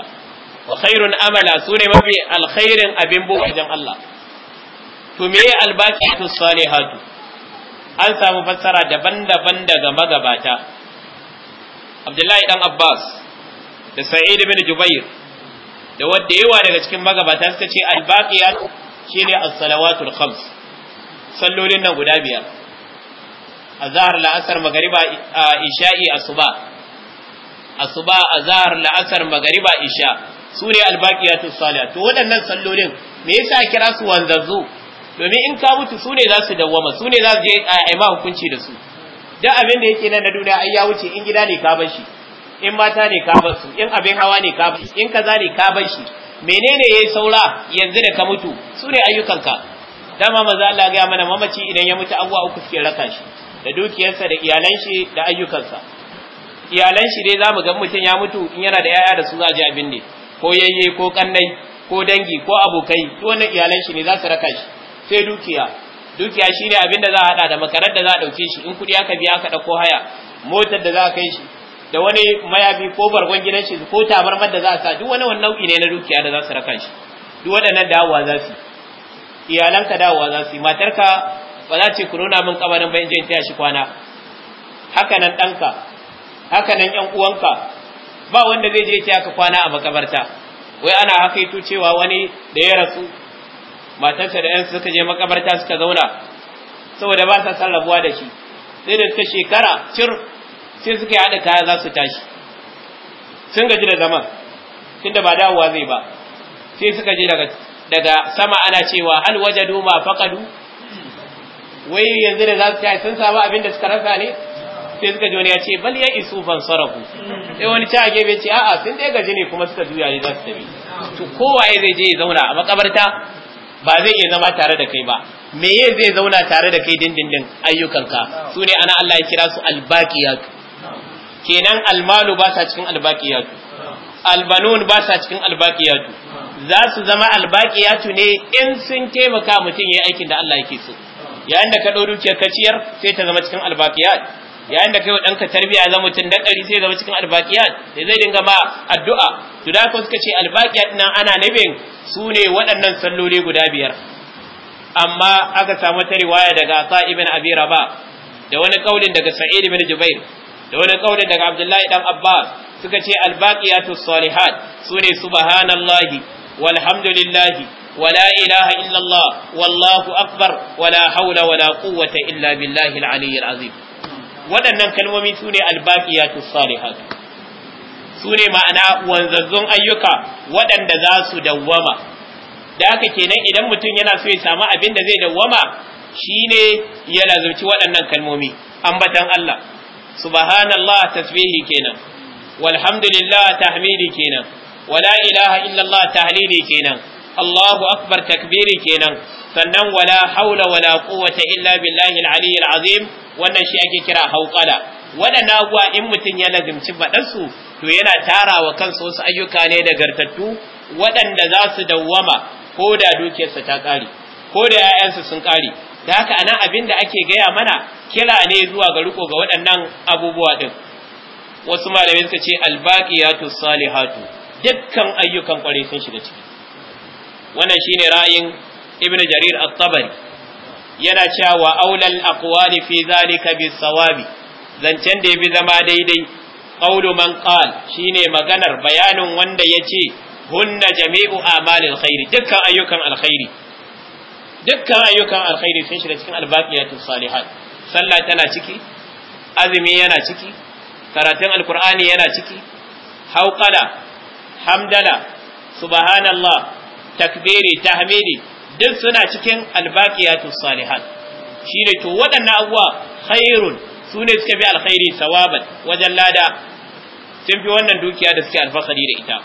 wa khairun amala su ne mabi alkhairin abin bu wajen Allah to me albaqiyatu salihatu an samu fassara daban-daban daga magabata Abdullahi dan Abbas da Sa'id bin Jubair da wadda yawa daga cikin magabata suka ce albaqiyatu shine as-salawatul khams sallolin nan guda biyar azhar la'asar magariba isha'i asuba asuba azhar la'asar magariba isha su ne albaqiyatus salihat to waɗannan sallolin me yasa kira su wanzanzu? domin in ka mutu su ne za su dawwama su ne za su je a ima hukunci da su duk abin da yake nan na duniya ai ya wuce in gida ne ka bar shi in mata ne ka bar su in abin hawa ne ka bar shi in kaza ne ka bar shi menene yayi saura yanzu da ka mutu su ne ayyukanka dama maza Allah gaya mana mamaci idan ya mutu abuwa uku suke raka shi da dukiyarsa da iyalan shi da ayyukansa iyalan shi dai zamu ga mutum ya mutu in yana da yaya da su za a ji abin ne ko yayye ko kannai ko dangi ko abokai to wannan iyalan shi ne za su raka shi sai dukiya dukiya shine abin da za a hada da makarar da za a dauke shi in kudi aka biya aka dauko haya motar da za a kai shi da wani mayafi ko bargon gidan shi ko tabarmar da za a sa duk wani wannan nau'i ne na dukiya da za su raka shi duk waɗannan dawowa za su yi iyalanka dawowa za su yi matarka ba za ce ku nuna min kabarin bayan in je taya shi kwana haka nan ɗanka haka nan ƴan uwanka ba wanda zai je taya ka kwana a makabarta wai ana hakaito cewa wani da ya rasu matarsa da ƴansu suka je makabarta suka zauna saboda ba sa sarrafuwa da shi sai da suka shekara cir sai suka yi haɗa kaya za su tashi sun gaji da zaman tunda ba dawowa zai ba sai suka je daga daga sama ana cewa hal wajadu ma faqadu wai yanzu da za su ci sun samu abin da suka rasa ne sai suka ji wani ya ce bal ya isu ban sarafu sai wani ci a gefe ce a'a sun dai gaji ne kuma suka juya ne za su tafi to kowaye zai je ya zauna a makabarta ba zai iya zama tare da kai ba Me ye zai zauna tare da kai dindindin ayyukanka su ne ana Allah ya kira su albaqiyat kenan almalu ba sa cikin albaqiyat albanun ba sa cikin albaqiyat za su zama ya ne in sun taimaka mutum ya yi aikin da Allah yake so yayin da ka ɗau dukiyar kaciyar sai ta zama cikin Ya yayin da kai ɗanka tarbiya zama mutum da ɗari sai zama cikin albaqiyat Da zai dinga ma addu'a to da ka suka ce albaqiyat nan ana nabin su ne waɗannan salloli guda biyar amma aka samu ta riwaya daga Asa ibn Abi raba da wani kaulin daga Sa'id ibn Jubair da wani kaulin daga Abdullahi dan Abbas suka ce albaqiyatu salihat sune subhanallahi walhamdulillahi wala ilaha illallah wallahu akbar wala haula wala quwwata illa billahi al-aliyyil azim waɗannan kalmomi sune albaqiyatu salihat sune ma'ana wanzazzun ayyuka waɗanda za su dawwama da haka kenan idan mutum yana so ya samu abin da zai dawwama shine ya lazumci waɗannan kalmomi ambatan Allah subhanallah tasbihi kenan walhamdulillah tahmidi kenan wala ilaha illallah tahlili kenan Allahu akbar takbiri kenan sannan wala haula wala quwwata illa billahi al-ali azim wannan shi ake kira hauqala waɗannan abuwa in mutum ya lazimci su to yana tara wa kansa wasu ayyuka ne da gartattu, waɗanda za su dawwama ko da dukiyarsa ta kare ko da 'ya'yansa sun kare da haka anan abin da ake gaya mana kira ne zuwa ga riko ga waɗannan abubuwa ɗin wasu malamai suka ce albaqiyatu salihatu dukkan ayyukan kwarai sun shiga ciki wannan shine ra'ayin ibn jarir at-tabari yana cewa aulal aqwali fi zalika bisawabi zancen da yafi zama daidai qawlu man qal shine maganar bayanin wanda yace hunna jami'u amalil khairi dukkan ayyukan alkhairi dukkan ayyukan alkhairi sun shiga cikin albaqiyatus salihat sallah tana ciki azumi yana ciki karatun alkur'ani yana ciki hauƙala hamdala subhanallah takbiri tahmidi duk suna cikin albaqiyatu salihan shine to waɗannan abuwa khairun sune ne suka bi alkhairi sawaban wajen lada sun fi wannan dukiya da suke alfakari da ita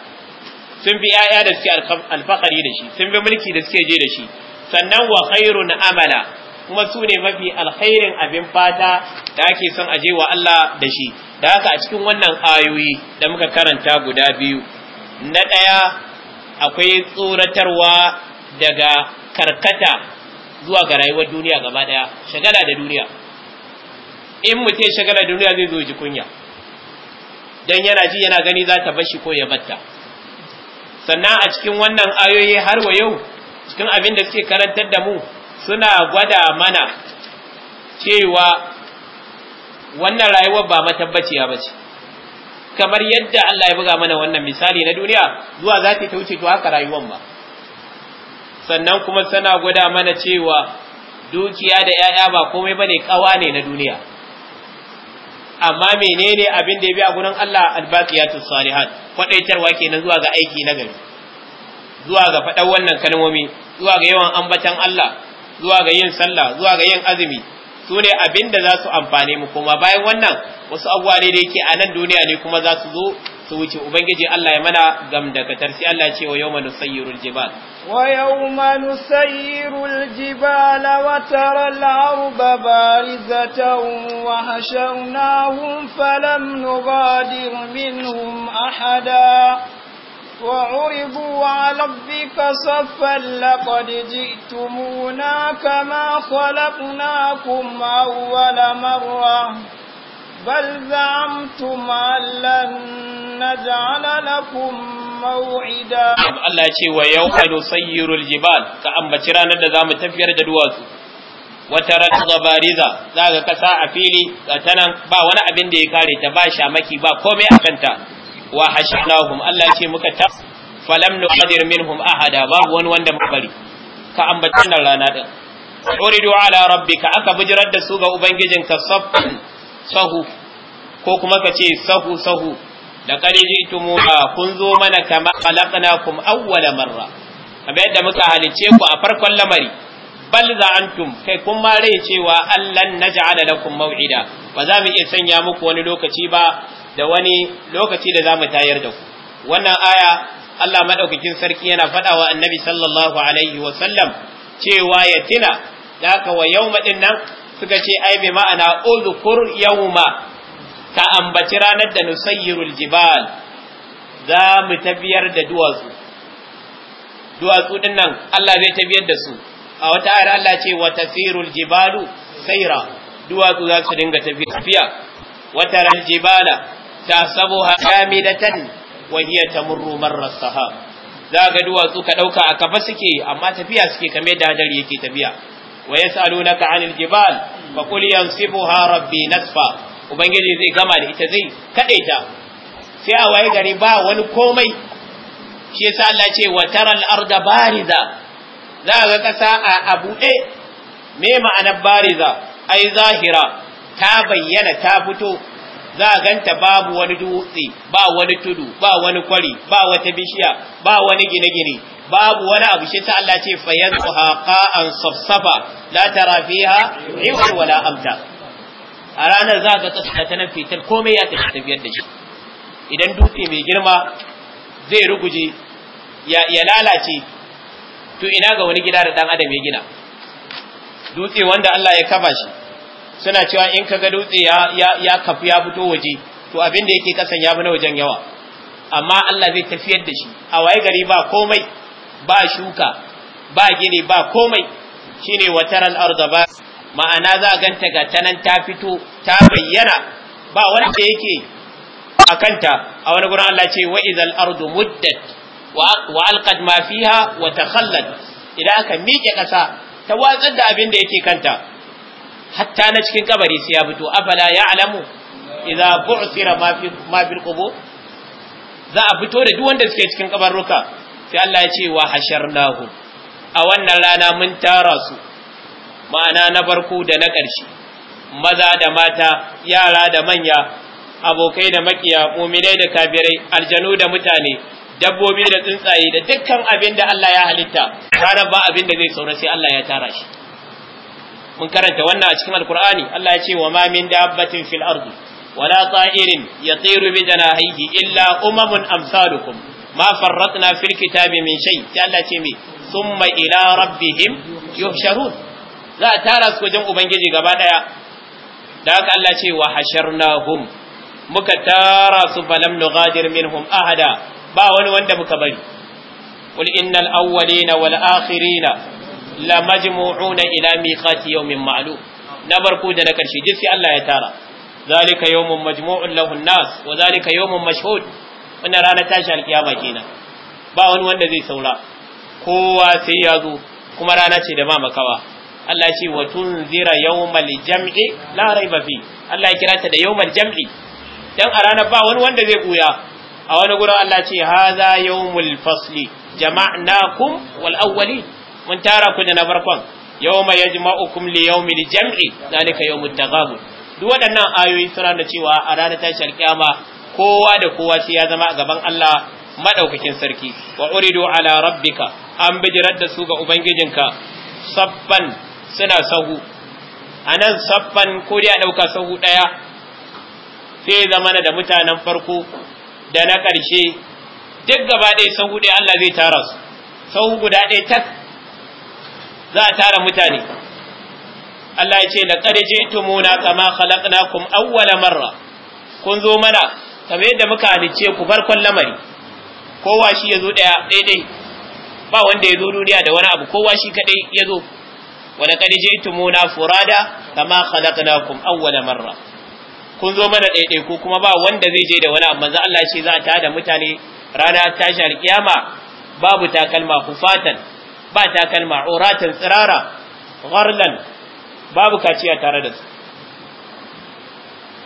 sun fi ‘ya'ya da suke alfakari da shi sun fi mulki da suke je da shi sannan wa khairun amala kuma su ne mafi alkhairin abin fata da ake son aje wa Allah da shi da haka a cikin wannan ayoyi da muka karanta guda biyu na ɗaya akwai tsoratarwa daga karkata zuwa ga rayuwar duniya gaba ɗaya shagala da duniya in mutum shagala da duniya zai zo ji kunya don yana ji yana gani za ta bashi ko ya batta sannan a cikin wannan ayoyi har wa yau cikin abin da suke karantar da mu suna gwada mana cewa wannan rayuwar ba matabbaciya ba bace. kamar yadda Allah ya buga mana wannan misali na duniya zuwa za ta wuce to haka rayuwar ma sannan kuma tana gwada mana cewa dukiya da ‘ya'ya ba komai ba ne kawa ne na duniya amma menene abin da ya bi a gurin Allah albaqiyatu salihat kwadaitarwa kenan zuwa ga aiki na gari zuwa ga faɗan wannan kalmomi zuwa ga yawan ambatan Allah zuwa ga yin sallah zuwa ga yin azumi su ne abin da za su amfane mu kuma bayan wannan wasu abubuwa ne da yake a nan duniya ne kuma za su zo su wuce ubangiji Allah ya mana gam daga tarsi. Allah ce wa yawma nusayyirul jibal wa yawma nusayyirul jibal wa tara al-arda barizatan wa hashawnahum falam nughadir minhum ahada وعرضوا على ربك صفا لقد جئتمونا كما خلقناكم أول مرة بل زعمتم أن لن نجعل لكم موعدا الله يقول ويوم نسير الجبال كأن بشرانا دزام تفير دواسو wata ratsa bariza za ka kasa a fili ga tanan ba wani abin da ya kare ta ba shamaki ba komai a kanta wa hashnahum Allah ce muka ta falam qadir minhum ahada babu wani wanda muka bari ka ambaci nan rana din uridu ala rabbika aka bijirar da su ga ubangijin saffan sahu ko kuma ka ce sahu sahu da qaliji tumuna kun zo mana kama khalaqnakum awwala marra abai yadda muka halice ku a farkon lamari bal za antum kai kun ma rai cewa allan naj'ala lakum maw'ida ba za mu iya sanya muku wani lokaci ba da wani lokaci da za mu tayar da ku wannan aya Allah madaukakin sarki yana faɗa wa annabi sallallahu alaihi wa sallam cewa ya tina da ka wa yau din nan suka ce ai bai ma'ana yau yawma ta ambaci ranar da nusayyirul jibal za mu tafiyar da duwatsu duwatsu din nan Allah zai tafiyar da su a wata ayar Allah ce wa tasirul jibalu saira duwatsu za su dinga tafiya taral jibala tasabuha kamidatan wa hiya tamurru marra sahab za ga duwatsu ka dauka a kafa suke amma tafiya suke kamar da hadari yake tafiya wa yasalunaka anil jibal fa qul yansibuha rabbi nasfa ubangiji zai gama da ita zai kadaita sai a waye gari ba wani komai shi yasa Allah ce wa taral arda bariza za ga kasa a abuɗe me ma'anar bariza ai zahira ta bayyana ta fito za a ganta babu wani dutse ba wani tudu ba wani kwari ba wata bishiya ba wani gine-gine babu wani abu shi ta Allah ce tsohaka an safsafa la tara fiha iwa wala amta a ranar za ga tsaka ta nan fitar komai ya tafi tafiyar da shi idan dutse mai girma zai ruguje ya lalace to ina ga wani gida da dan adam ya gina dutse wanda Allah ya kafa shi suna cewa in kaga dutse ya ya kafu ya fito waje to abin da yake kasan ya fi na wajen yawa amma Allah zai tafiyar da shi a waye gari ba komai ba shuka ba gini ba komai shine wataran arda ba ma'ana za ganta ga tanan ta fito ta bayyana ba wanda yake a kanta a wani gurin Allah ce wa idal ardu muddat wa alqad ma fiha wa takhallat idan aka miƙe ƙasa ta watsar da abin da yake kanta hatta na cikin kabari sai ya fito afala ya idza bu'thira ma fi ma qubur za a fito da duk wanda suke cikin kabarruka sai Allah ya ce wa hasharnahu a wannan rana mun tara su ma'ana na farko da na ƙarshe maza da mata yara da manya abokai da makiya muminai da kafirai aljanu da mutane dabbobi da tsuntsaye da dukkan abin da Allah ya halitta ranar ba abin da zai saura sai Allah ya tara shi mun karanta wannan a cikin alkur'ani Allah ya ce wa ma min dabbatin fil ardi wala ta'irin yatiru bi janahihi illa umamun amsalukum ma farratna fil kitabi min shay sai Allah ce me thumma ila rabbihim yuhsharun za a tara su wajen ubangiji gaba daya da haka Allah ce wa hasharnahum muka tara su falam nughadir minhum ahada ba wani wanda muka bari qul innal awwalina wal akhirina la majmu'una ila miqati yawmin ma'lum na barku da na karshe duk Allah ya tara zalika yawmun majmu'un lahu an-nas wa zalika yawmun mashhud wannan rana tashi alkiyama kenan ba wani wanda zai saura kowa sai ya zo kuma rana ce da ba makawa Allah ya ce wa tunzira yawmal jam'i la raiba fi Allah ya kira ta da yawmal jam'i dan a ranar ba wani wanda zai buya a wani gurin Allah ce haza yawmul fasli jama'nakum wal awwalin mun tara ku da na farkon yawma yajma'ukum li al jam'i zalika yawmut taghabun duk waɗannan ayoyi suna da cewa a ranar tashar kiyama kowa da kowa sai ya zama a gaban Allah madaukakin sarki wa uridu ala rabbika an bijirar da su ga ubangijinka sabban suna sahu anan sabban ko dai a dauka sahu daya sai zamana da mutanen farko da na ƙarshe duk gaba ɗaya sahu ɗaya Allah zai tara su sahu guda ɗaya tak za a tara mutane Allah ya ce laqad ji'tumuna kama khalaqnakum awwala marra kun zo mana kamar yadda muka halice ku farkon lamari kowa shi yazo daya daidai ba wanda yazo duniya da wani abu kowa shi kadai yazo wa laqad ji'tumuna furada kama khalaqnakum awwala marra kun zo mana daidai ko kuma ba wanda zai je da wani abu manzo Allah ya ce za a tada mutane rana tashi kiyama babu takalma kufatan ba takalma uratan tsirara gharlan babu kaciya tare da su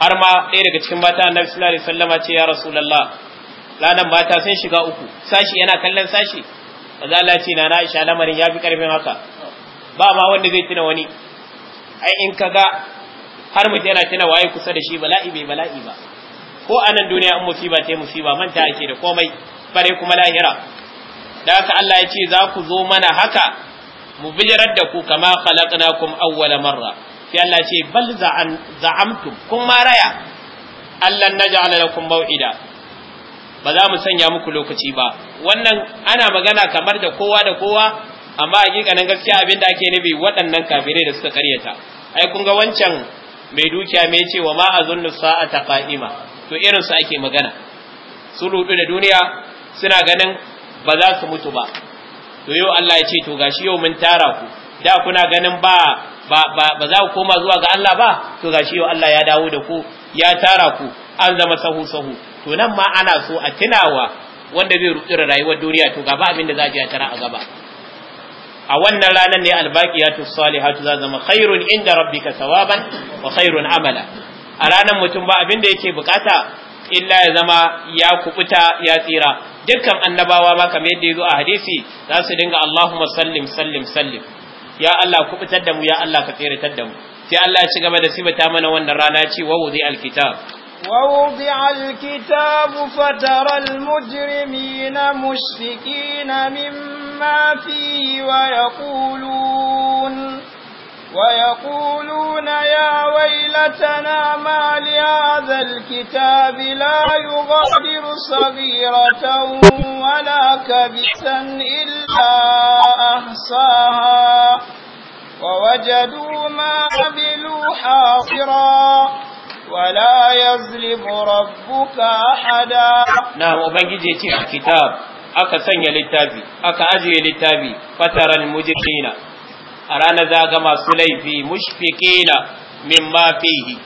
har ma ɗaya daga cikin mata annabi sallallahu alaihi wasallam ce ya rasulullah ranan mata sun shiga uku sashi yana kallon sashi manzo Allah ce na Aisha lamarin yafi karfin haka ba ma wanda zai tuna wani ai in kaga har mutum yana tuna waye kusa da shi bala'i bai bala'i ba ko anan duniya in musiba ta musiba manta ake da komai bare kuma lahira da haka Allah ya ce za ku zo mana haka mu bijirar da ku kama kum awwala marra sai Allah ya ce bal za'amtum kun ma raya Allah ja'ala lakum maw'ida ba za mu sanya muku lokaci ba wannan ana magana kamar da kowa da kowa amma a hakikanin gaskiya abin da ake nabi waɗannan kafirai da suka karyata ai kun ga wancan mai dukiya mai ce wa ma azunnu sa'ata qa'ima to irin su ake magana su rudu da duniya suna ganin ba za su mutu ba to yau Allah ya ce to gashi yau mun tara ku da kuna ganin ba ba za ku koma zuwa ga Allah ba to gashi yau Allah ya dawo da ku ya tara ku an zama sahu sahu to nan ma ana so a tunawa wanda zai rutsura rayuwar duniya to gaba abin da za a tara a gaba a wannan ranar ne albaqiyatu salihatu za zama khairun inda rabbika sawaban wa khairun amala a ranar mutum ba abin da yake bukata illa ya zama ya kubuta ya tsira dukkan annabawa ma kamar yadda ya zo a hadisi za su dinga Allahumma sallim sallim sallim ya Allah ku fitar da mu ya Allah ka tsiratar da mu sai Allah ya ci gaba da sibata mana wannan rana ce wa wuzi alkitab wa wuzi alkitab fatara almujrimina mushfiqina mimma fihi ويقولون يا ويلتنا ما لهذا الكتاب لا يغادر صغيرة ولا كبسا إلا أحصاها ووجدوا ما عملوا حاصرا ولا يظلم ربك أحدا نعم وبنجي الكتاب أكا سنيا للتابي أكا أجي للتابي فترى المجرمين a ranar za ga masu laifi mushfiqina min fihi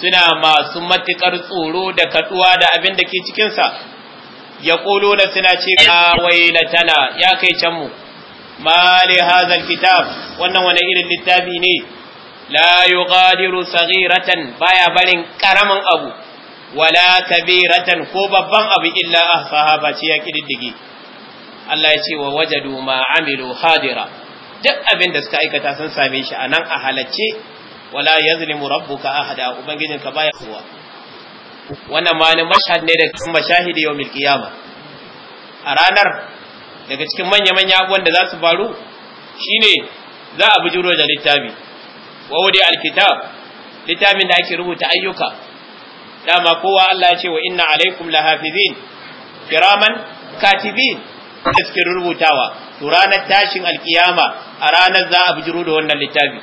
suna masu matukar tsoro da kaɗuwa da abin da ke cikin sa na suna ce tana ya kai can mu ma li kitab wannan wani irin littafi ne la ƙadiru, saghiratan baya barin ƙaramin abu wala kabiratan ko babban abu illa a sahaba ce ya kididdige Allah ya ce wa wajadu ma amilu hadira duk abin da suka aikata sun same shi anan a halacce wala yazlimu rabbuka ahada ubangijin ka baya kowa wannan ma ne mashhad ne da kuma shahidi yawmil qiyama a ranar daga cikin manya manya abubuwan da za su faru shine za a bujuro da littafi wa wudi alkitab littafin da ake rubuta ayyuka dama kowa Allah ya ce wa inna alaikum lahafizin kiraman katibin da suke rubutawa to ranar tashin alkiyama a ranar za a bijiro da wannan littafi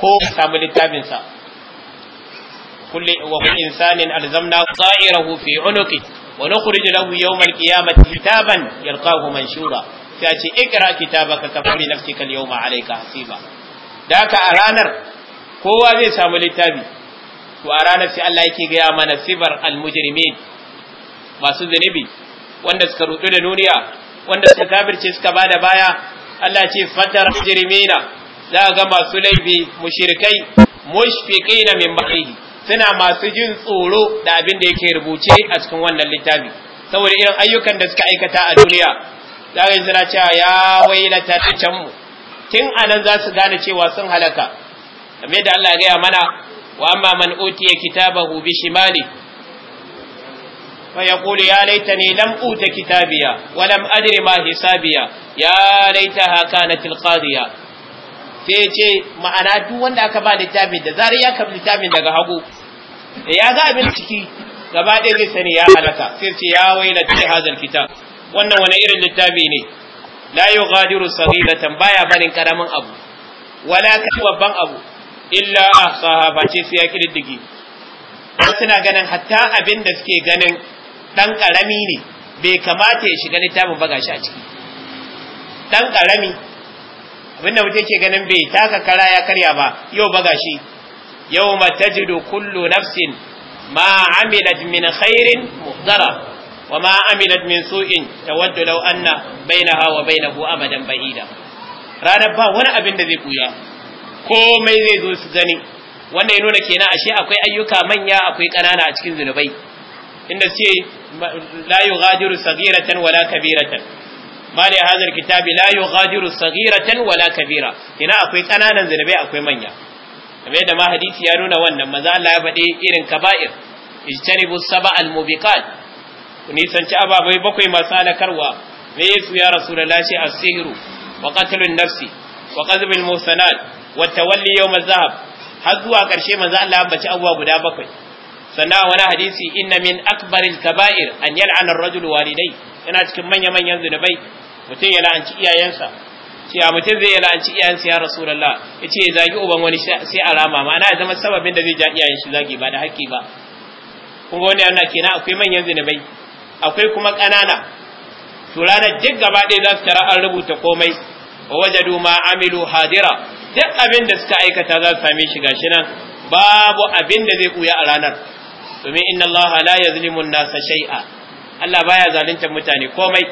ko samu littafin sa kulli wa kulli insanin alzamna ta'irahu fi unuki wa nukhrij lahu yawm alqiyamati kitaban yalqahu manshura sai ce ikra kitabaka kafa bi nafsika alyawma alayka hasiba daka a ranar kowa zai samu littafi to a ranar sai Allah yake ga mana sibar almujrimin masu zanibi wanda suka rudu da duniya? wanda suka kafirce suka bada baya Allah ce fatar jirimina za a ga masu laifi mushrikai mushfiqina min ba'ihi suna masu jin tsoro da abin da yake rubuce a cikin wannan littafi saboda irin ayyukan da suka aikata a duniya za yi suna cewa ya wailata ta can mu tun anan za su gane cewa sun halaka kamar da Allah ya gaya mana wa amma man utiya kitabahu bi shimali فيقول يا ليتني لم أوت كتابيا ولم أدر ما حسابيا يا ليتها كانت القاضية sai ce ma'ana duk wanda aka ba littafin da zarar ya kafa littafin daga hagu ya ga abin ciki gaba ɗaya zai sani ya halaka sai ce ya waila ta hazal kitab wannan wani irin littafi ne la yughadiru saghiratan baya barin karamin abu wala ka babban abu illa ahsaha ce sai ya kididdigi suna ganin hatta abin da suke ganin Ɗan karami ne bai kamata ya shiga littafin ba gashi a ciki dan karami da mutum yake ganin bai taka kara ya karya ba yau ba gashi yau matajidu kullu nafsin ma amilat min khairin muhdara wa ma amilat min su'in tawaddu law anna bainaha wa bainahu amadan ba'ida ranar ba wani abin da zai buya komai zai zo su gani wanda ya nuna kenan ashe akwai ayyuka manya akwai ƙanana a cikin zunubai inda ce la yughadiru saghiratan wala kabiratan mali hadar kitabi la yughadiru saghiratan wala kabira ina akwai kananan zinabai akwai manya kamar yadda ma hadisi ya nuna wannan manzo Allah ya faɗi irin kaba'ir ijtanibu sab'al mubiqat Ku sanci ababai bakwai masu halakarwa me yesu ya rasulullahi shi as-sihru wa qatlun nafsi wa qazbul musanat wa tawalli yawm az-zahab har zuwa ƙarshe manzo Allah ya ambaci abubuwa guda bakwai sannan wani hadisi inna min akbaril kaba'ir an yal'ana ar-rajulu walidai yana cikin manya manyan zunubai mutum ya la'anci iyayensa a mutum zai la'anci iyayensa ya rasulullah yace ya zagi uban wani sai a ma. ma'ana ya zama sababin da zai ja iyayen shi zagi ba da haƙƙi ba kun ga wani yana kenan akwai manyan zunubai akwai kuma ƙanana to ranar duk gaba ɗaya za su tara an rubuta komai wa wajadu ma amilu hadira duk abin da suka aikata za su same shi gashi nan babu abin da zai buya a ranar domin inna allaha la yazlimu an-nasa shay'a Allah baya zalunta mutane komai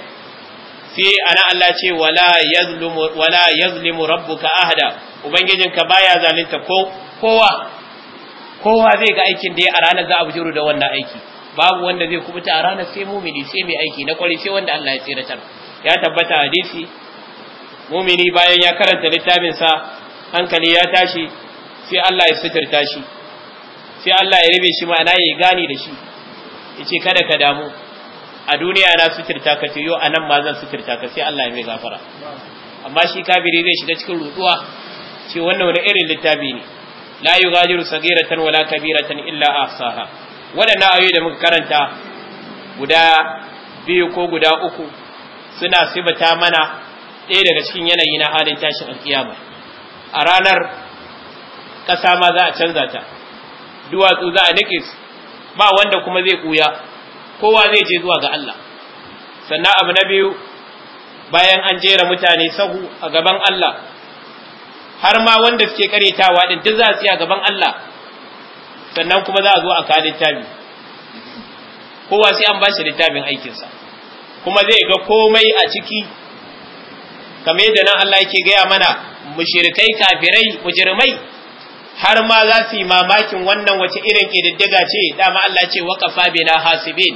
sai ana Allah ce wala yazlimu wala yazlimu rabbuka ahada ubangijinka baya zalunta ko kowa kowa zai ga aikin da ya a ranar za a da wannan aiki babu wanda zai kubuta a ranar sai mumini sai mai aiki na kwari sai wanda Allah ya tsiratar ya tabbata hadisi mumini bayan ya karanta littafin sa hankali ya tashi sai Allah ya sitirta shi sai Allah ya rabe shi ma'ana ya gani da shi Ya ce kada ka damu a duniya na suturta ka ce yau a nan ma zan suturta ka sai Allah ya mai gafara amma shi kafiri zai shiga cikin rutuwa ce wannan wani irin littafi ne la yughadiru saghiratan wala kabiratan illa ahsaha wadannan ayoyi da muka karanta guda biyu ko guda uku suna sibata mana ɗaya daga cikin yanayi na halin tashin alkiyama a ranar ƙasa ma za a canza ta duwatsu za a nake su ba wanda kuma zai kuya kowa zai je zuwa ga Allah sannan abu na biyu bayan an jera mutane sahu a gaban Allah har ma wanda suke karetawa din duk za su yi a gaban Allah sannan kuma za a zo a kawo littafi kowa sai an bashi littafin aikinsa kuma zai ga komai a ciki kamar yadda nan Allah yake gaya mana mushrikai kafirai mujrimai har ma za su yi mamakin wannan wace irin ƙididdiga ce dama Allah ce waƙafa bina hasibin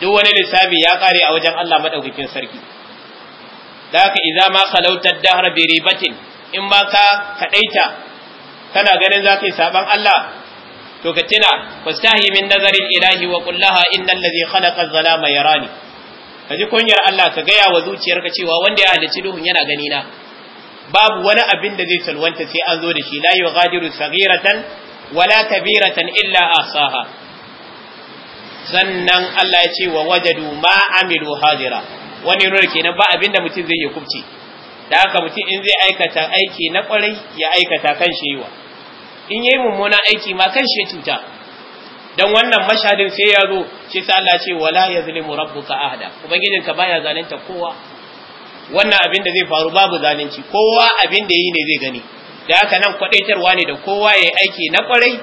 duk wani lissafi ya ƙare a wajen Allah maɗaukakin sarki da haka idza ma kalautar dahar bi ribatin in ma ka kaɗaita kana ganin za ka yi saban Allah to ka tuna fastahi min nazarin ilahi wa kullaha innal ladhi khalaqa az-zalama yarani kaji kunyar Allah ka gaya wa zuciyarka cewa wanda ya halicci duhun yana ganina babu wani abin da zai salwanta sai an zo da shi la yughadiru saghiratan wala kabiratan illa asaha sannan Allah ya ce wa wajadu ma amilu hadira wani ruwar kenan ba abin da mutum zai yi kubce da haka mutum in zai aikata aiki na kwarai ya aikata kan shi yiwa in yayi mummuna aiki ma kan shi cuta dan wannan mashadin sai ya zo shi sa Allah ya ce wala yazlimu rabbuka ahada ubangijinka baya zalunta kowa wannan abin da zai faru babu zalunci kowa abin da yi ne zai gani da haka nan kwadaitarwa ne da kowa ya yi aiki na kwarai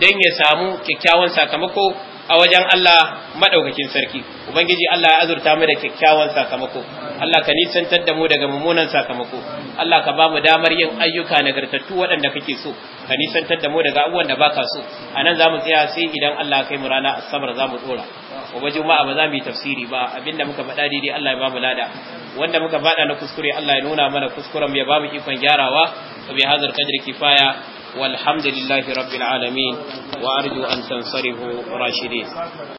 don ya samu kyakkyawan sakamako a wajen Allah madaukakin sarki ubangiji Allah ya azurta mu da kyakkyawan sakamako Allah ka nisantar da mu daga mummunan sakamako Allah ka ba mu damar yin ayyuka nagartattu waɗanda kake so ka nisantar da mu daga abubuwan da baka so anan zamu tsaya sai idan Allah ya kai mu rana asabar zamu tsora gobe juma'a ba za mu yi tafsiri ba abinda muka faɗa daidai Allah ya ba mu lada wanda muka faɗa na kuskure Allah ya nuna mana kuskuren ya ba mu ikon gyarawa wa bi hadzal qadri kifaya walhamdulillahi rabbil alamin wa arju an tansarihu rashidin